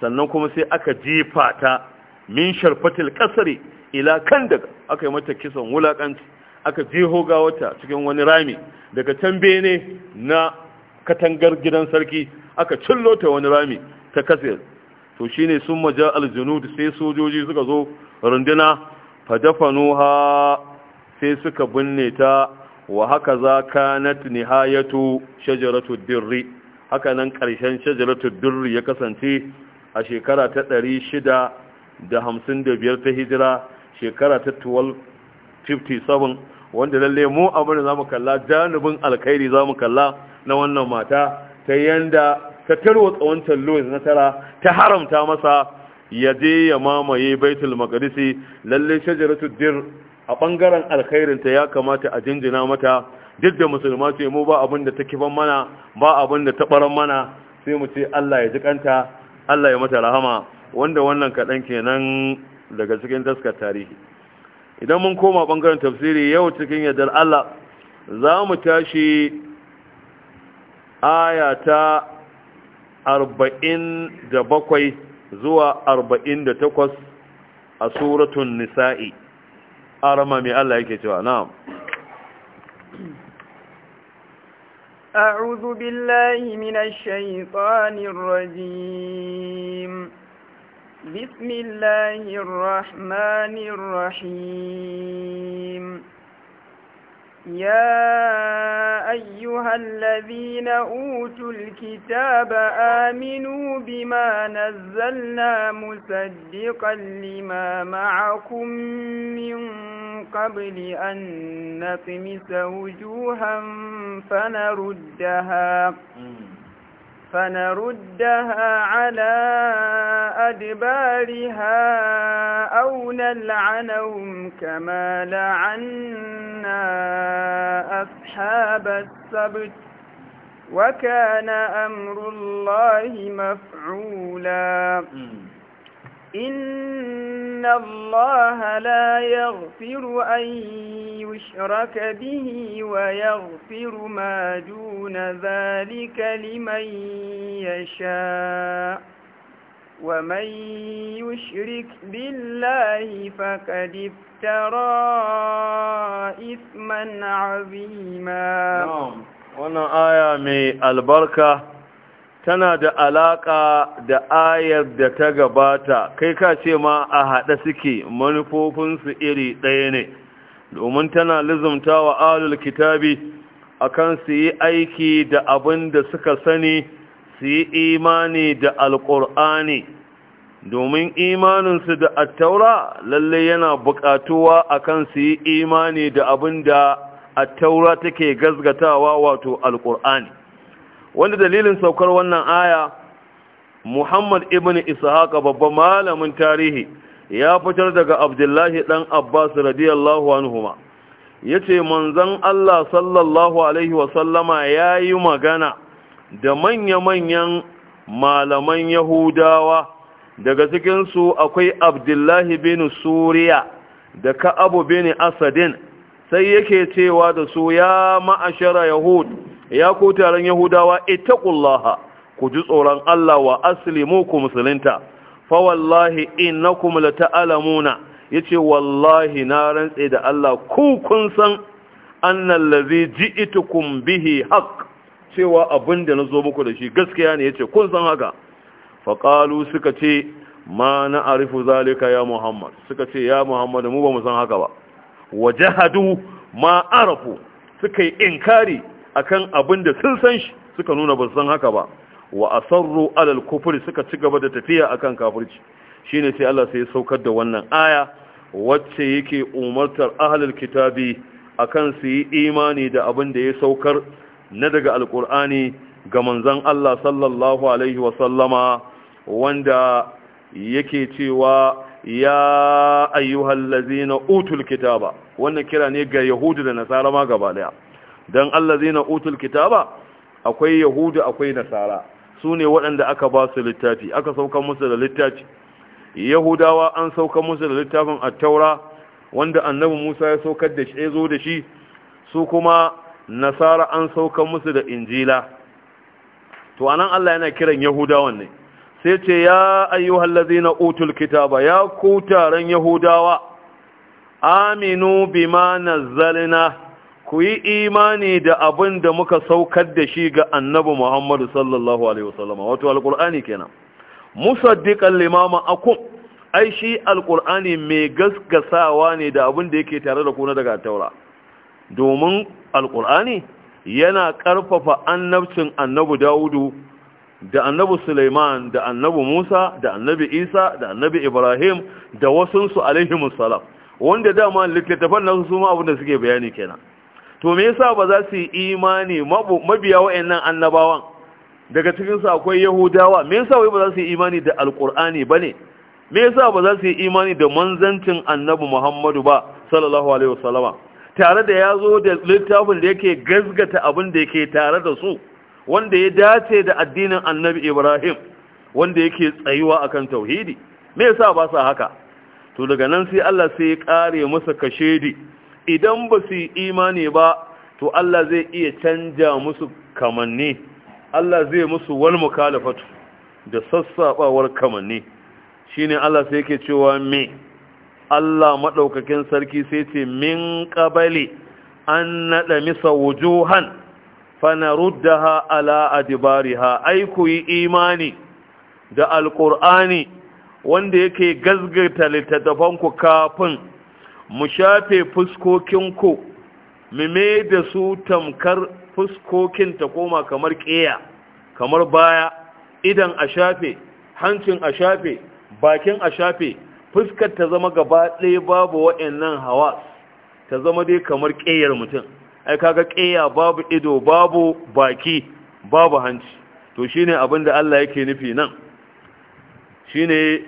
sannan kuma sai aka jefa ta min sharfatil kasare ila kan daga aka mata kisan wulakanci aka jeho wata cikin wani rami daga can bene na katangar gidan sarki aka cillo ta wani rami ta kasir to shine sun maja aljunud sai sojoji suka zo runduna fadafanuha sai suka binne ta wa haka za kanat nihayatu shajaratu dirri haka nan karshen shajaratu dirri ya kasance a shekara ta 655 ta hijira shekara ta 1257 wanda lalle mu abin da zamu kalla janubin alkhairi zamu kalla na wannan mata ta yanda ta tarwatsa wancan lewis na tara ta haramta masa ya je ya mamaye baitul maqdisi lalle shajaratu dir a bangaren alkhairin ta ya kamata a jinjina mata duk da musulma ce mu ba abin da ta kifan mana ba abin da ta baran mana sai mu ce Allah ya jikanta Allah ya mata rahama wanda wannan kaɗan kenan daga cikin taskar tarihi idan mun koma bangaren tafsiri yau cikin yadda Allah za mu tashi aya ta 47 zuwa 48 a suratun nisa'i a rama mai Allah yake cewa na'am أعوذ بالله من الشيطان الرجيم بسم الله الرحمن الرحيم يا أيها الذين أوتوا الكتاب آمنوا بما نزلنا مصدقا لما معكم من قبل أن نطمس وجوها فنردها فنردها على أدبارها أو نلعنهم كما لعنا أصحاب السبت وكان أمر الله مفعولا إن الله لا يغفر أن يشرك به ويغفر ما دون ذلك لمن يشاء ومن يشرك بالله فقد افترى إثما عظيما نعم وانا آية من البركة tana da alaƙa da ayar da ta gabata kai ka ce ma a haɗa suke su iri ɗaya ne domin tana lizumta wa alul kitabi akan su yi aiki da abin da suka sani su yi imani da alƙur'ani domin imaninsu da attaura lalle yana buƙatuwa akan su yi imani da abin da attaura take gazgatawa wato alƙur'ani wanda dalilin saukar wannan aya muhammad ibn ishaq babban malamin tarihi ya fitar daga abdullahi dan abbas radiyallahu anhuma ya ce manzan allah sallallahu alaihi wa ya yi magana da manya-manyan malaman yahudawa daga cikinsu akwai abdullahi bin suriya da abu bin asadin sai yake cewa da su ya ma'ashara yahud ya ku taron yahudawa ittaqullaha ku ji tsoron Allah wa aslimu ku musulunta fa wallahi innakum lata'lamuna yace wallahi na rantse da Allah ku kun san annal ladhi ji'tukum bihi haqq cewa abinda nazo muku da shi gaskiya ne yace kun san haka fa qalu suka ce ma na arifu zalika ya muhammad suka ce ya muhammad mu ba mu san haka ba wajahadu ma arafu suka yi inkari akan abin da sun san shi suka nuna ba san haka ba wa asarru alal kufri suka ci gaba da tafiya akan kafirci shine sai Allah sai ya saukar da wannan aya wacce yake umartar ahlul kitabi akan su yi imani da abin da ya saukar na daga alkur'ani ga manzon Allah sallallahu alaihi wa sallama wanda yake cewa ya ayyuhallazina utul kitaba wannan kira ne ga yahudu da nasara ma gaba daya don allazina utul kitaba akwai yahudu akwai nasara su ne waɗanda aka ba su littafi aka sauka musu da littafi yahudawa an sauka musu da littafin taura wanda annabi musa ya saukar da shi ya zo da shi su kuma nasara an sauka musu da injila to anan allah yana kiran yahudawan ne sai ce ya ayyuhal ladzina utul kitaba ya ku taron yahudawa aminu bima nazzalna ku yi imani da abin da muka saukar da shi ga annabi Muhammadu sallallahu alaihi wasallam wato alqur'ani kenan musaddiqan limama kun ai shi alqur'ani mai gaskasawa ne da abin da yake tare da kuna na daga taura domin alqur'ani yana ƙarfafa annabcin annabi Dawudu da annabi Sulaiman da annabi Musa da annabi Isa da annabi Ibrahim da wasunsu alaihimus salam wanda dama littattafan nan su ma abin da suke bayani kenan to me yasa ba za su yi imani mabiya wa'annan annabawan daga cikin su akwai yahudawa me yasa wai ba za su yi imani da alqur'ani bane me yasa ba za su yi imani da manzancin annabi Muhammadu ba sallallahu alaihi wasallama tare da ya zo da littafin da yake gazgata abin da yake tare da su wanda ya dace da addinin annabi Ibrahim wanda yake tsayuwa akan tauhidi me yasa ba sa haka to daga nan sai Allah sai ya kare musu kashedi idan ba su yi imani ba to Allah zai iya canja musu kamanni Allah zai musu wal mukalafatu da sassabawar kamanni shine Allah sai yake cewa me Allah madaukakin sarki sai ce min qabali an naɗa misa wujuhan fanaruddaha ala adbariha ha aiku yi imani da Alƙur'ani wanda yake gazgata littattafanku kafin mu shafe fuskokinku mu me da su tamkar fuskokin ta koma kamar ƙeya kamar baya idan a shafe hancin a shafe bakin a shafe fuskar ta zama gaba ɗaya babu wa'annan hawa ta zama dai kamar ƙeyar mutum ai kaga ƙeya babu ido babu baki babu hanci to shine abin da Allah yake nufi nan shine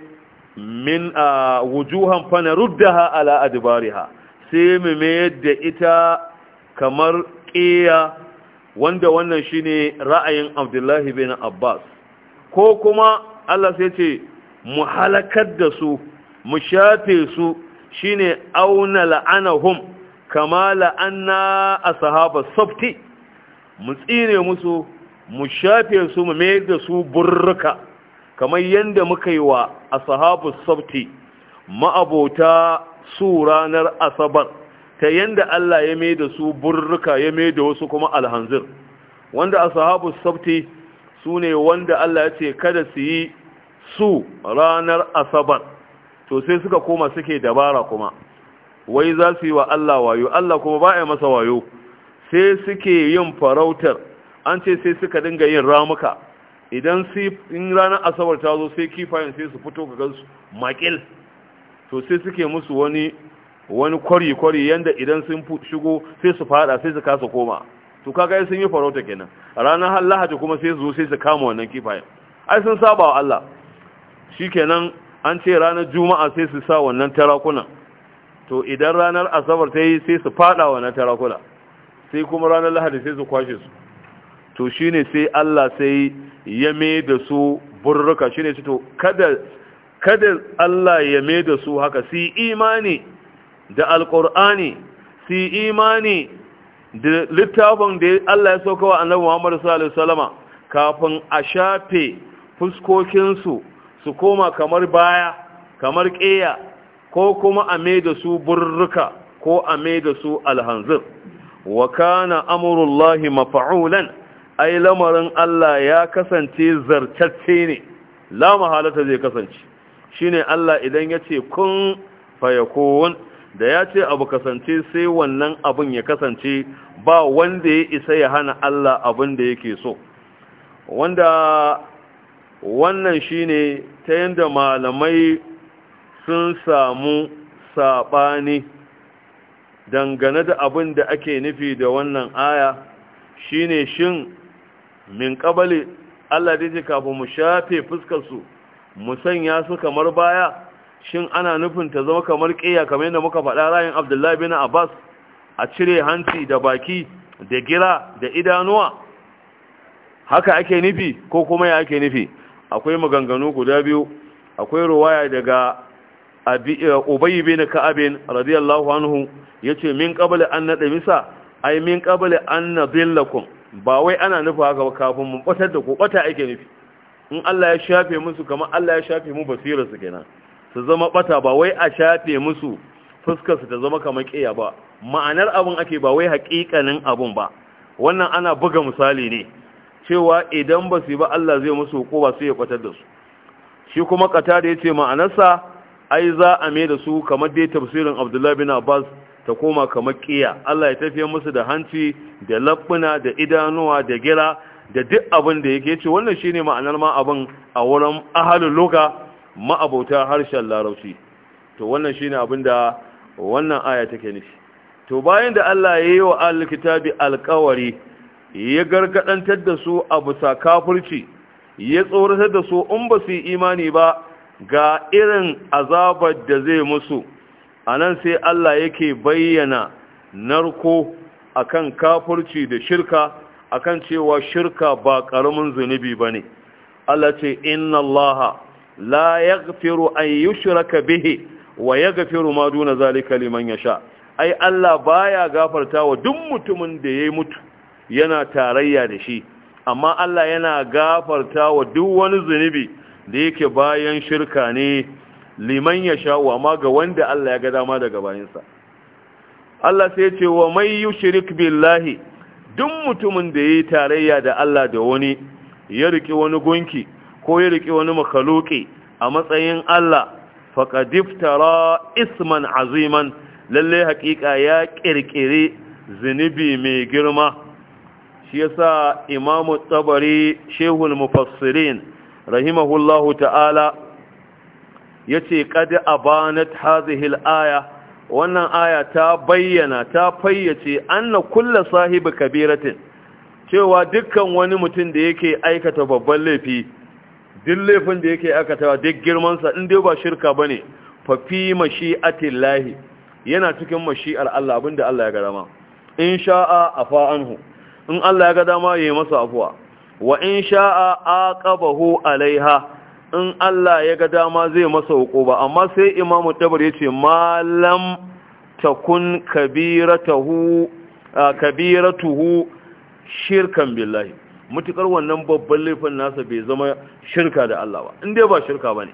min a wujuhan fana rudda ha ala ha sai mu mayar da ita kamar ƙiya wanda wannan shi ne ra'ayin Abdullahi bin Abbas ko kuma Allah sai ce mu halakar da su mu shafe su shi ne auna la'ana la'anahum kama la'anna sahaba safti mu tsire musu mu shafe su mu mayar da su burruka kamar yadda muka yi wa ashabu sabti ma'abota su ranar asabar ta yadda Allah ya mai da su burruka ya mai da wasu kuma alhanzir wanda ashabu sabti su ne wanda Allah ya ce kada su yi su ranar asabar to sai suka koma suke dabara kuma wai za su yi wa Allah wayo Allah kuma ba a masa wayo sai suke yin farautar an ce sai suka dinga yin ramuka idan sai in ranar asabar ta zo sai kifayen sai su fito ga gansu makil to sai suke musu wani wani kwari-kwari yadda idan sun shigo sai su fada sai su kasa koma to kaga sun yi farauta kenan ranar lahadi kuma sai zo sai su kama wannan kifayen ai sun saba wa Allah kenan an ce ranar juma'a sai su sa wannan tarakuna to idan ranar asabar ta yi sai su fada wannan tarakuna sai kuma ranar lahadi sai su kwashe su to shine sai Allah sai ya mai da su burruka shine su to kada Allah ya mai da su haka si imani da alkur'ani si imani da littafin da Allah ya sauka wa annabi Muhammad sallallahu alaihi wasallama kafin a shafe fuskokin su su koma kamar baya kamar ƙeya ko kuma a mai da su burruka ko a mai da su alhanzir wa kana amurullahi mafa'ulan ai lamarin Allah ya kasance zartacce ne la mahalata zai kasance shine Allah idan ya ce kun fayakun da ya ce abu kasance sai wannan abun ya kasance ba wanda ya isa ya hana Allah abin da yake so wanda wannan shine ta yanda malamai sun samu saɓani dangane da abin da ake nufi da wannan aya shine shin min kabale Allah da kafin mu shafe fuskarsu mu sanya su kamar baya shin ana nufin ta zama kamar ƙeya kamar yadda muka faɗa rayin Abdullahi bin Abbas a cire hanci da baki da gira da idanuwa haka ake nufi ko kuma ya ake nufi akwai maganganu guda biyu akwai ruwaya daga ubayi bin Ka'ab radiyallahu anhu yace min qabla an nada misa ai min qabli an nadillakum ba wai ana nufa haka kafin mu kwatar da ku kwata ake nufi in Allah ya shafe musu kamar Allah ya shafe mu basirar su kenan su zama bata ba wai a shafe musu fuskar su ta zama kamar kiya ba ma'anar abun ake ba wai haƙiƙanin abun ba wannan ana buga misali ne cewa idan ba su ba Allah zai musu hukuma sai ya kwatar da su shi kuma da yace ma'anarsa ai za a mai da su kamar dai tafsirin Abdullah bin Abbas ta koma kamar ƙiya Allah ya tafiye musu da hanci da labbuna da idanuwa da gira da duk abin da yake ce wannan shine ma'anar ma abin a wurin ahalin loka ma'abauta harshen larauci to wannan shine abin da wannan aya take nufi to bayan da Allah ya yi wa alkitabi alkawari ya gargadantar da su a bisa kafirci ya tsoratar da su in ba su yi imani ba ga irin azabar da zai musu a nan sai Allah yake bayyana narko akan kafurci da shirka akan cewa shirka ba ƙaramin zunubi ba ne Allah ce inna Allah la yaghfiru an yushraka bihi wa yaghfiru ma duna zalika liman yasha ai Allah baya gafarta wa duk mutumin da ya mutu yana tarayya da shi amma Allah yana gafarta wa duk wani zunubi da yake bayan shirka ne liman ya sha'u amma ga wanda Allah ya ga dama daga bayansa Allah sai ce wa mai yushrik billahi duk mutumin da yayi tarayya da Allah da wani ya riki wani gunki ko ya riki wani makaloki. a matsayin Allah faqad iftara isman aziman lallai haƙiƙa ya ƙirƙiri zunubi mai girma shi yasa imamu tabari shehul mufassirin rahimahullahu ta'ala yace qad abanat hadhihi al-aya wannan aya ta bayyana ta fayyace anna kullu sahibi kabiratin cewa dukkan wani mutum da yake aikata babban laifi duk laifin da yake aikatawa duk girmansa, sa in dai ba shirka bane fa fi mashi'atillahi yana cikin mashi'ar Allah abinda Allah ya ga dama in sha'a afa anhu in Allah ya ga dama yayi masa afwa wa in sha'a aqabahu alaiha in Allah ya ga dama zai masa ba amma sai imamu tabar ya ce malam takun kabiratuhu shirkan billahi mutukar wannan babban laifin nasa bai zama shirka da Allah ba in dai ba shirka ba ne.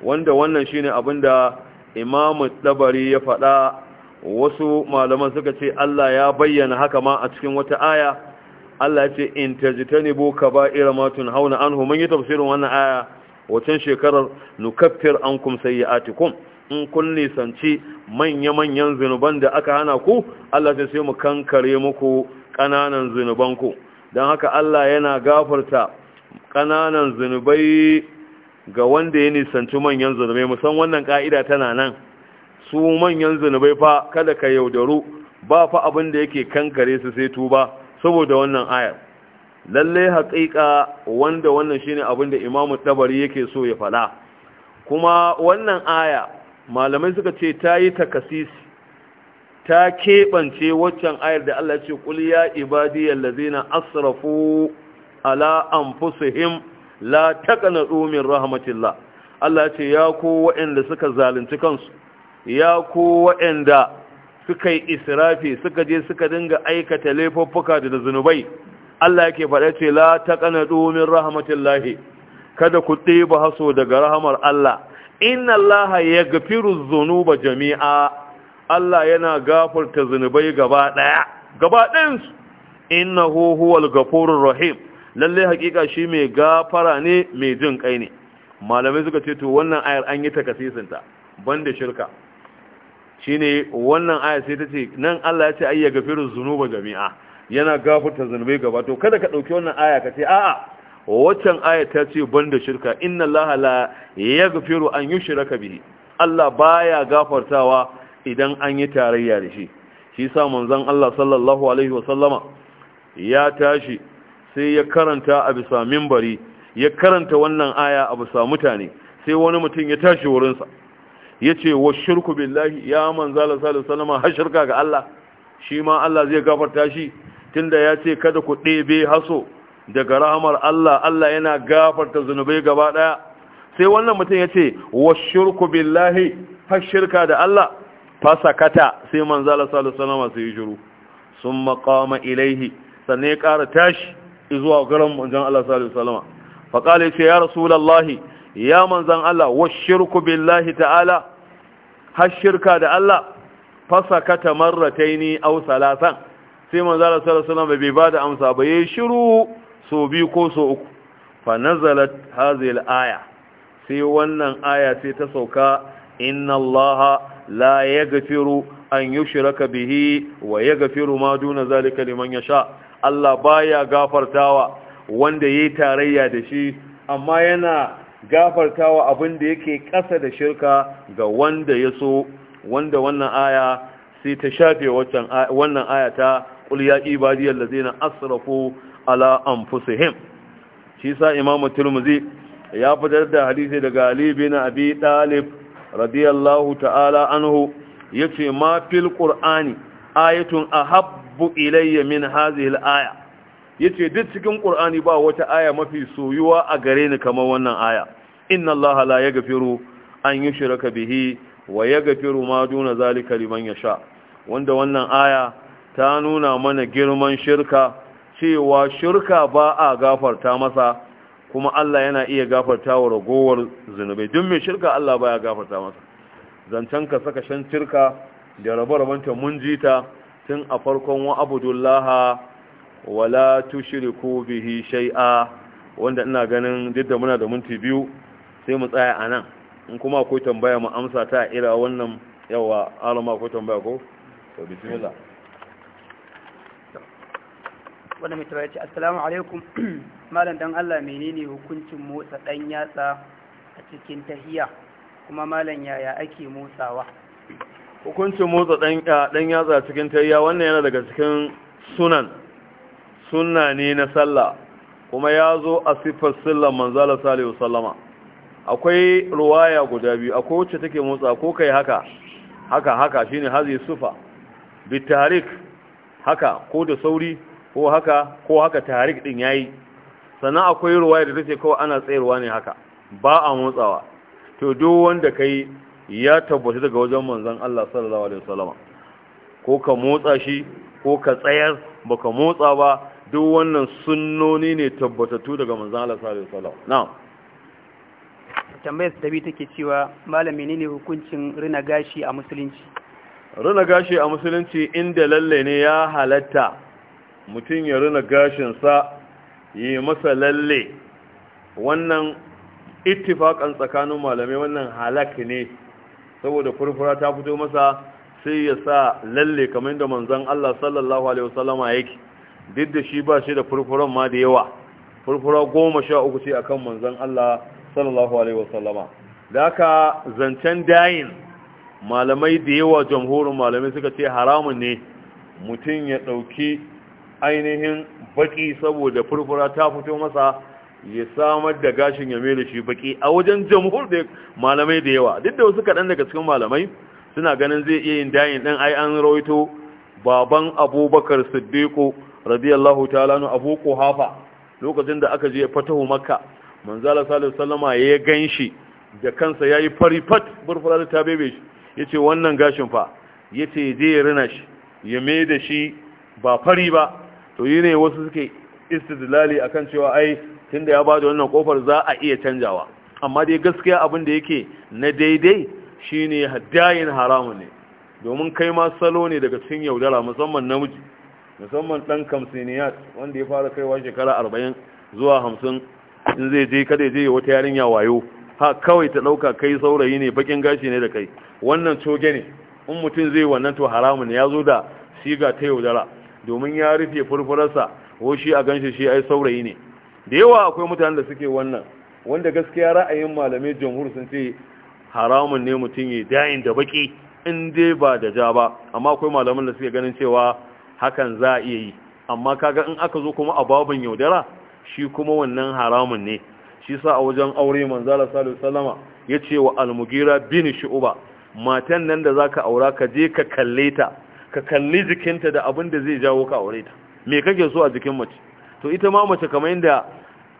wanda wannan shine abinda imamu tabari ya faɗa wasu malaman suka ce Allah ya bayyana haka ma a cikin wata aya Allah ya ce in tajtanibu kaba'ira iramatun hauna anhu mun yi tafsirin wannan aya wacan shekarar nukaffir ankum sayyi'atikum in kun nisanci manya-manyan zunuban da aka hana ku Allah ce sai mu kankare muku ƙananan ku don haka Allah yana gafarta ƙananan zunubai ga wanda ya nisanci manyan zunubai musan wannan ka'ida tana nan su manyan zunubai fa kada ka yaudaru ba fa abin da yake kankare su sai tuba saboda wannan ayar lalle haƙiƙa wanda wannan shine abin da imamu tabari yake so ya fada kuma wannan aya malamai suka ce ta yi takasisi ta keɓance waccan ayar da Allah ce ƙul ya ibadiyar lazina asrafu ala fusuhim la na min Allah ce ya ko waɗanda suka zalunci kansu ya ko waɗanda suka yi israfi suka je suka dinga aikata laifuffuka da zunubai Allah yake faɗa ce la taqanadu min rahmatillahi kada ku tsiba haso daga rahamar Allah inna Allah yaghfiru dhunuba jami'a Allah yana gafarta zunubai gaba daya gaba ɗayan su innahu huwal ghafurur rahim lalle hakika shi mai gafara ne mai jin kai ne malamai suka ce to wannan ayar an yi takasisinta banda shirka shine wannan aya sai ta ce nan Allah ya ce ayya gafiru zunuba jami'a yana gafarta zunubai gaba to kada ka dauki wannan aya ka ce a'a waccan aya ta ce banda shirka inna Allah la yaghfiru an yushraka bihi Allah baya gafartawa idan an yi tarayya da shi shi sa manzon Allah sallallahu alaihi sallama ya tashi sai ya karanta a bisa minbari ya karanta wannan aya a bisa mutane sai wani mutum ya tashi wurinsa Ya ce wa shirku billahi ya la sallallahu alaihi har shirka ga Allah shi ma Allah zai gafarta shi tunda ya ce kada ku ɗebe haso daga rahamar Allah Allah yana gafarta zunubai gaba ɗaya. sai wannan mutum ya ce wa shirku billahi har shirka da Allah fasakata sai la sallallahu alaihi sai ya summa qama ilaihi sannan ya ƙara tashi zuwa garin manzan Allah sallallahu alaihi wasallam fa qala ya rasulullahi ya manzan Allah wa shirku billahi ta'ala har shirka da Allah fasakata marrataini aw salasan sai manzan Allah sallallahu alaihi wasallam bai bada amsa ba yayi shiru so biyu ko so uku fa nazalat hadhihi aya sai wannan aya sai ta sauka inna Allah la yaghfiru an yushraka bihi wa yaghfiru ma duna zalika liman yasha Allah baya gafartawa wanda yayi tarayya da shi amma yana gafartawa abin da yake ƙasa da shirka ga wanda ya so wanda wannan aya sai ta shafe wannan aya ta qul ya ibadiyal ladzina asrafu ala anfusihim shi sa imamu turmuzi ya fitar da hadisi daga ali bin abi talib radiyallahu ta'ala anhu yace ma fil qur'ani ayatun ahabbu ilayya min hadhihi aya Ya ce duk cikin ƙur'ani ba wata aya mafi soyuwa a gare ni kamar wannan aya inna allaha la gafiru an yi yushraka bihi wa Yagafiru ma duna zalika liman sha. wanda wannan aya ta nuna mana girman shirka cewa shirka ba a gafarta masa kuma Allah yana iya gafarta wa ragowar zunubai duk mai shirka Allah baya gafarta masa zancen ka saka shan shirka da rabe-rabenta mun jita tun a farkon wa abudullaha wala tushriku bihi shay'a wanda ina ganin duk da muna da minti biyu sai mu tsaya anan in kuma akwai tambaya mu amsa ta ira wannan yawa alama akwai tambaya ko to bismillah wannan mai tawaye assalamu alaikum malam dan Allah menene hukuncin motsa dan yatsa a cikin tahiya kuma malam yaya ake motsawa hukuncin motsa dan yatsa cikin tahiya wannan yana daga cikin sunan sunna ne na sallah kuma ya zo a siffar sallar manzala salihu sallama akwai ruwaya guda biyu akwai wacce take motsa ko kai haka haka haka shine hazi sufa tarik haka ko da sauri ko haka ko haka tarik din yayi sannan akwai ruwaya da take kawai ana tsayarwa ne haka ba a motsawa to duk wanda kai ya tabbata daga wajen manzon Allah sallallahu alaihi wasallama ko ka motsa shi ko ka tsayar baka motsa ba duk wannan sunnoni ne tabbatattu daga manzon Allah sallallahu da Salam. Na tambayar ta bi take cewa ne ne hukuncin rina gashi a musulunci rina gashi a musulunci inda lalle ne ya halatta mutum ya rina gashinsa yi masa lalle wannan ittifakan tsakanin malamai wannan halak ne saboda furfura ta fito masa sai ya sa lalle kamar da manzon Allah sallallahu alaihi wasallama yake duk da shi ba shi da furfuran ma da yawa furfura goma sha uku ce akan manzon Allah sallallahu alaihi wasallama da aka zancen dayin malamai da yawa jamhurin malamai suka ce haramun ne mutum ya ɗauki ainihin baki saboda furfura ta fito masa ya samar da gashin ya mere shi baki a wajen jamhur da malamai da yawa duk da wasu kaɗan daga cikin malamai suna ganin zai iya yin dayin ɗan ai an rawaito baban abubakar siddiqu radiyallahu ta'ala nu abu kuhafa lokacin da aka je fatahu makka manzo Allah sallallahu alaihi wasallama ya ganshi da kansa yayi fari fat burfura ta bebe shi yace wannan gashin fa yace je ya rina shi ya mai da shi ba fari ba to yi ne wasu suke istidlali akan cewa ai tunda ya bada wannan kofar za a iya canjawa amma dai gaskiya abin da yake na daidai shine haddayin haramun ne domin kai ma salo ne daga cikin yaudara musamman namiji musamman ɗan kamsiniyat wanda ya fara kaiwa shekara arba'in zuwa hamsin in zai je kada je wata yarinya wayo ha kawai ta ɗauka kai saurayi ne bakin gashi ne da kai wannan coge ne in mutum zai wannan to haramun ya zo da shiga ta yaudara domin ya rufe furfurarsa ko shi a ganshi shi ai saurayi ne da yawa akwai mutanen da suke wannan wanda gaskiya ra'ayin malamai jamhur sun ce haramun ne mutum ya dayin da baki in dai ba da ja ba amma akwai malaman da suke ganin cewa hakan za a iya yi amma kaga in aka zo kuma a babin yaudara shi kuma wannan haramun ne shi sa a wajen aure manzala salihu salama ya ce wa almugira bin shiuba matan nan da za ka aura ka je ka kalle ta ka kalli jikinta da abin da zai jawo ka aure ta me kake so a jikin mace to ita ma mace kamar yadda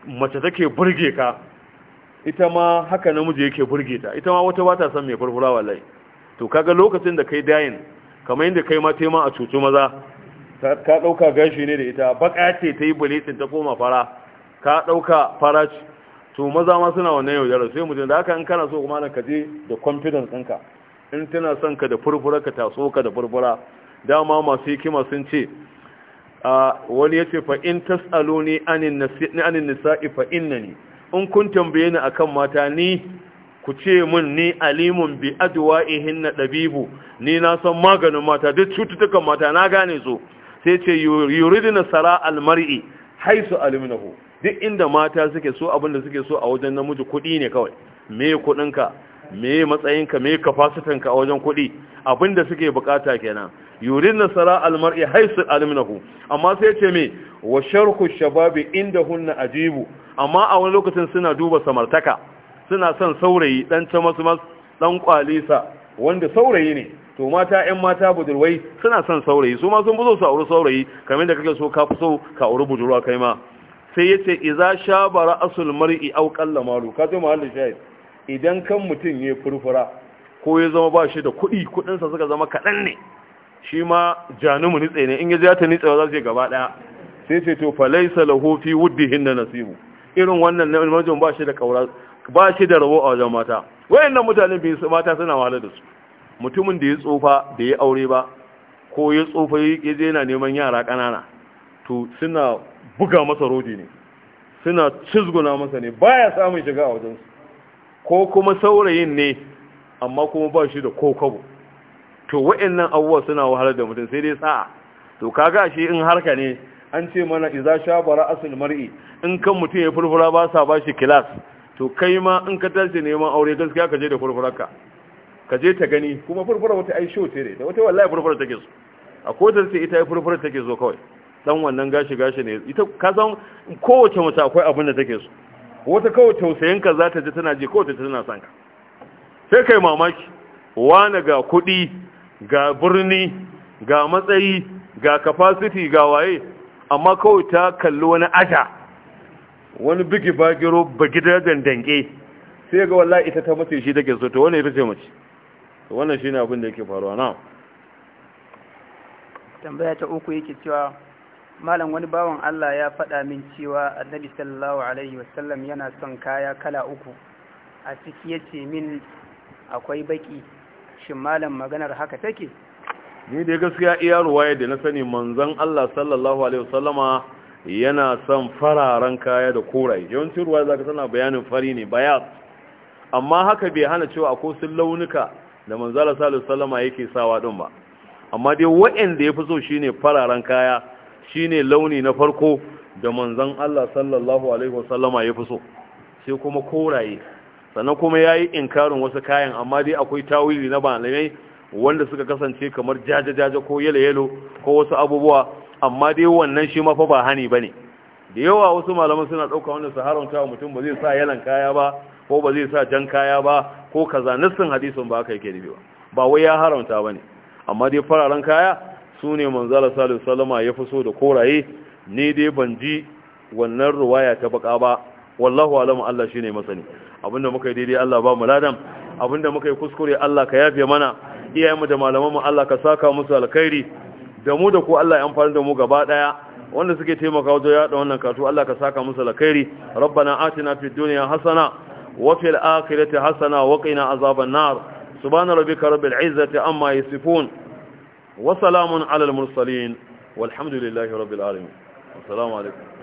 mace take burge ka ita ma haka namiji yake burge ta ita ma wata ba ta san mai furfura wallahi to kaga lokacin da kai dayin kamar yadda kai ma ma a cuci maza ka ɗauka gashi ne da ita baka ce ta yi bulitin ta koma fara ka ɗauka fara to maza ma suna wannan yaudarar sai mutum da haka in kana so kuma ka je da confidence ɗinka in tana son ka da furfura ka taso ka da furfura dama masu hikima sun ce wani ya ce fa in tas'alo ni anin nisa'i fa innani in kun tambaye ni akan mata ni ku ce min ni alimun bi adwa'ihin na dabibu ni na san maganin mata duk cututtukan mata na gane su sai ce yuridu nasara almar'i haisu alminahu duk inda mata suke so abin da suke so a wajen namiji kuɗi ne kawai me kuɗinka me matsayinka me kafasitanka a wajen kuɗi abin da suke bukata kenan yuridu nasara almar'i haisu alminahu amma sai ce me wa sharhu shababi inda hunna ajibu amma a wani lokacin suna duba samartaka suna son saurayi dan ta masu dan kwalisa wanda saurayi ne to mata ƴan mata budurwai suna son saurayi su ma sun buzo su auri saurayi kamar da kake so ka fi so ka auri budurwa kai ma sai yace idza shabara asul mar'i aw qalla malu ka ji mahallin shahid idan kan mutum ya furfura ko ya zama ba shi da kuɗi kuɗin sa suka zama kaɗan ne shi ma janumu nitse ne in ya ji ta nitse za su gaba ɗaya sai ce to falaysa lahu fi wuddihin nasibu irin wannan namijin ba shi da kaura ba shi da rabo a wajen mata wayannan mutanen biyu su mata suna wahala da su mutumin da ya tsofa da ya aure ba ko ya tsofa ya je yana neman yara ƙanana to suna buga masa rodi ne suna cizguna masa ne baya samun shiga a wajen su. ko kuma saurayin ne amma kuma ba shi da kokabo to wayannan abubuwa suna wahala da mutum sai dai sa'a to kaga shi in harka ne an ce mana iza shabara asul mar'i in kan mutum ya furfura ba sa ba shi kilas to kai ma in ka tashi neman aure gaskiya ka je da furfurarka ka je ta gani kuma furfura wata ai show ce da wata wallahi furfura take so a ta sai ita ai furfura take so kawai dan wannan gashi gashi ne ita ka san kowace mace akwai abin da take so wata kawai tausayin ka za ta ji tana ji kowace tana son ka sai kai mamaki wani ga kuɗi ga birni ga matsayi ga capacity ga waye amma kawai ta kalli wani aja wani bigi bagiro ba gidajen dandanke sai ga wallahi ita ta mace shi take so to wannan ita ce mace to wannan shine abin da yake faruwa na tambaya ta uku yake cewa malam wani bawan Allah ya faɗa min cewa annabi sallallahu alaihi wasallam yana son kaya kala uku a ciki yace min akwai baki shin malam maganar haka take ni da gaskiya iya ruwaya da na sani manzon Allah sallallahu alaihi wasallama yana son fararen kaya da koraye yawancin ruwa za ka sana bayanin fari ne bayas amma haka bai hana cewa ko sun launuka da manzala salisu salama yake sawa ɗin ba amma dai waɗanda ya fi so shine fararen kaya shine launi na farko da manzan Allah sallallahu alaihi wasallama ya fi so sai kuma koraye sannan kuma ya yi inkarin wasu kayan amma dai akwai tawili na malamai wanda suka kasance kamar jaje-jaje ko yalo-yalo ko wasu abubuwa amma dai wannan shi mafa ba hani ba ne da yawa wasu malaman suna ɗauka wanda su haramta wa mutum ba zai sa yalan kaya ba ko ba zai sa jan kaya ba ko kaza nassin hadisin ba aka yake nufi ba ba wai ya haramta ba ne amma dai fararen kaya su ne manzala Salisu salama ya fi so da koraye ne dai ban ji wannan ruwaya ta baka ba wallahu alamu Allah shine masani abinda muka yi daidai Allah ba mu ladan abinda muka yi kuskure Allah ka yafe mana iyayenmu da malamanmu Allah ka saka musu alkhairi da mu da ku Allah ya amfani da mu gaba daya wanda suke taimaka wajen yada wannan katu Allah ka saka musu alkhairi rabbana atina fid dunya hasana wa fil akhirati hasana wa qina azaban nar subhana rabbika rabbil izzati amma yasifun wa salamun alal mursalin walhamdulillahi rabbil alamin assalamu alaikum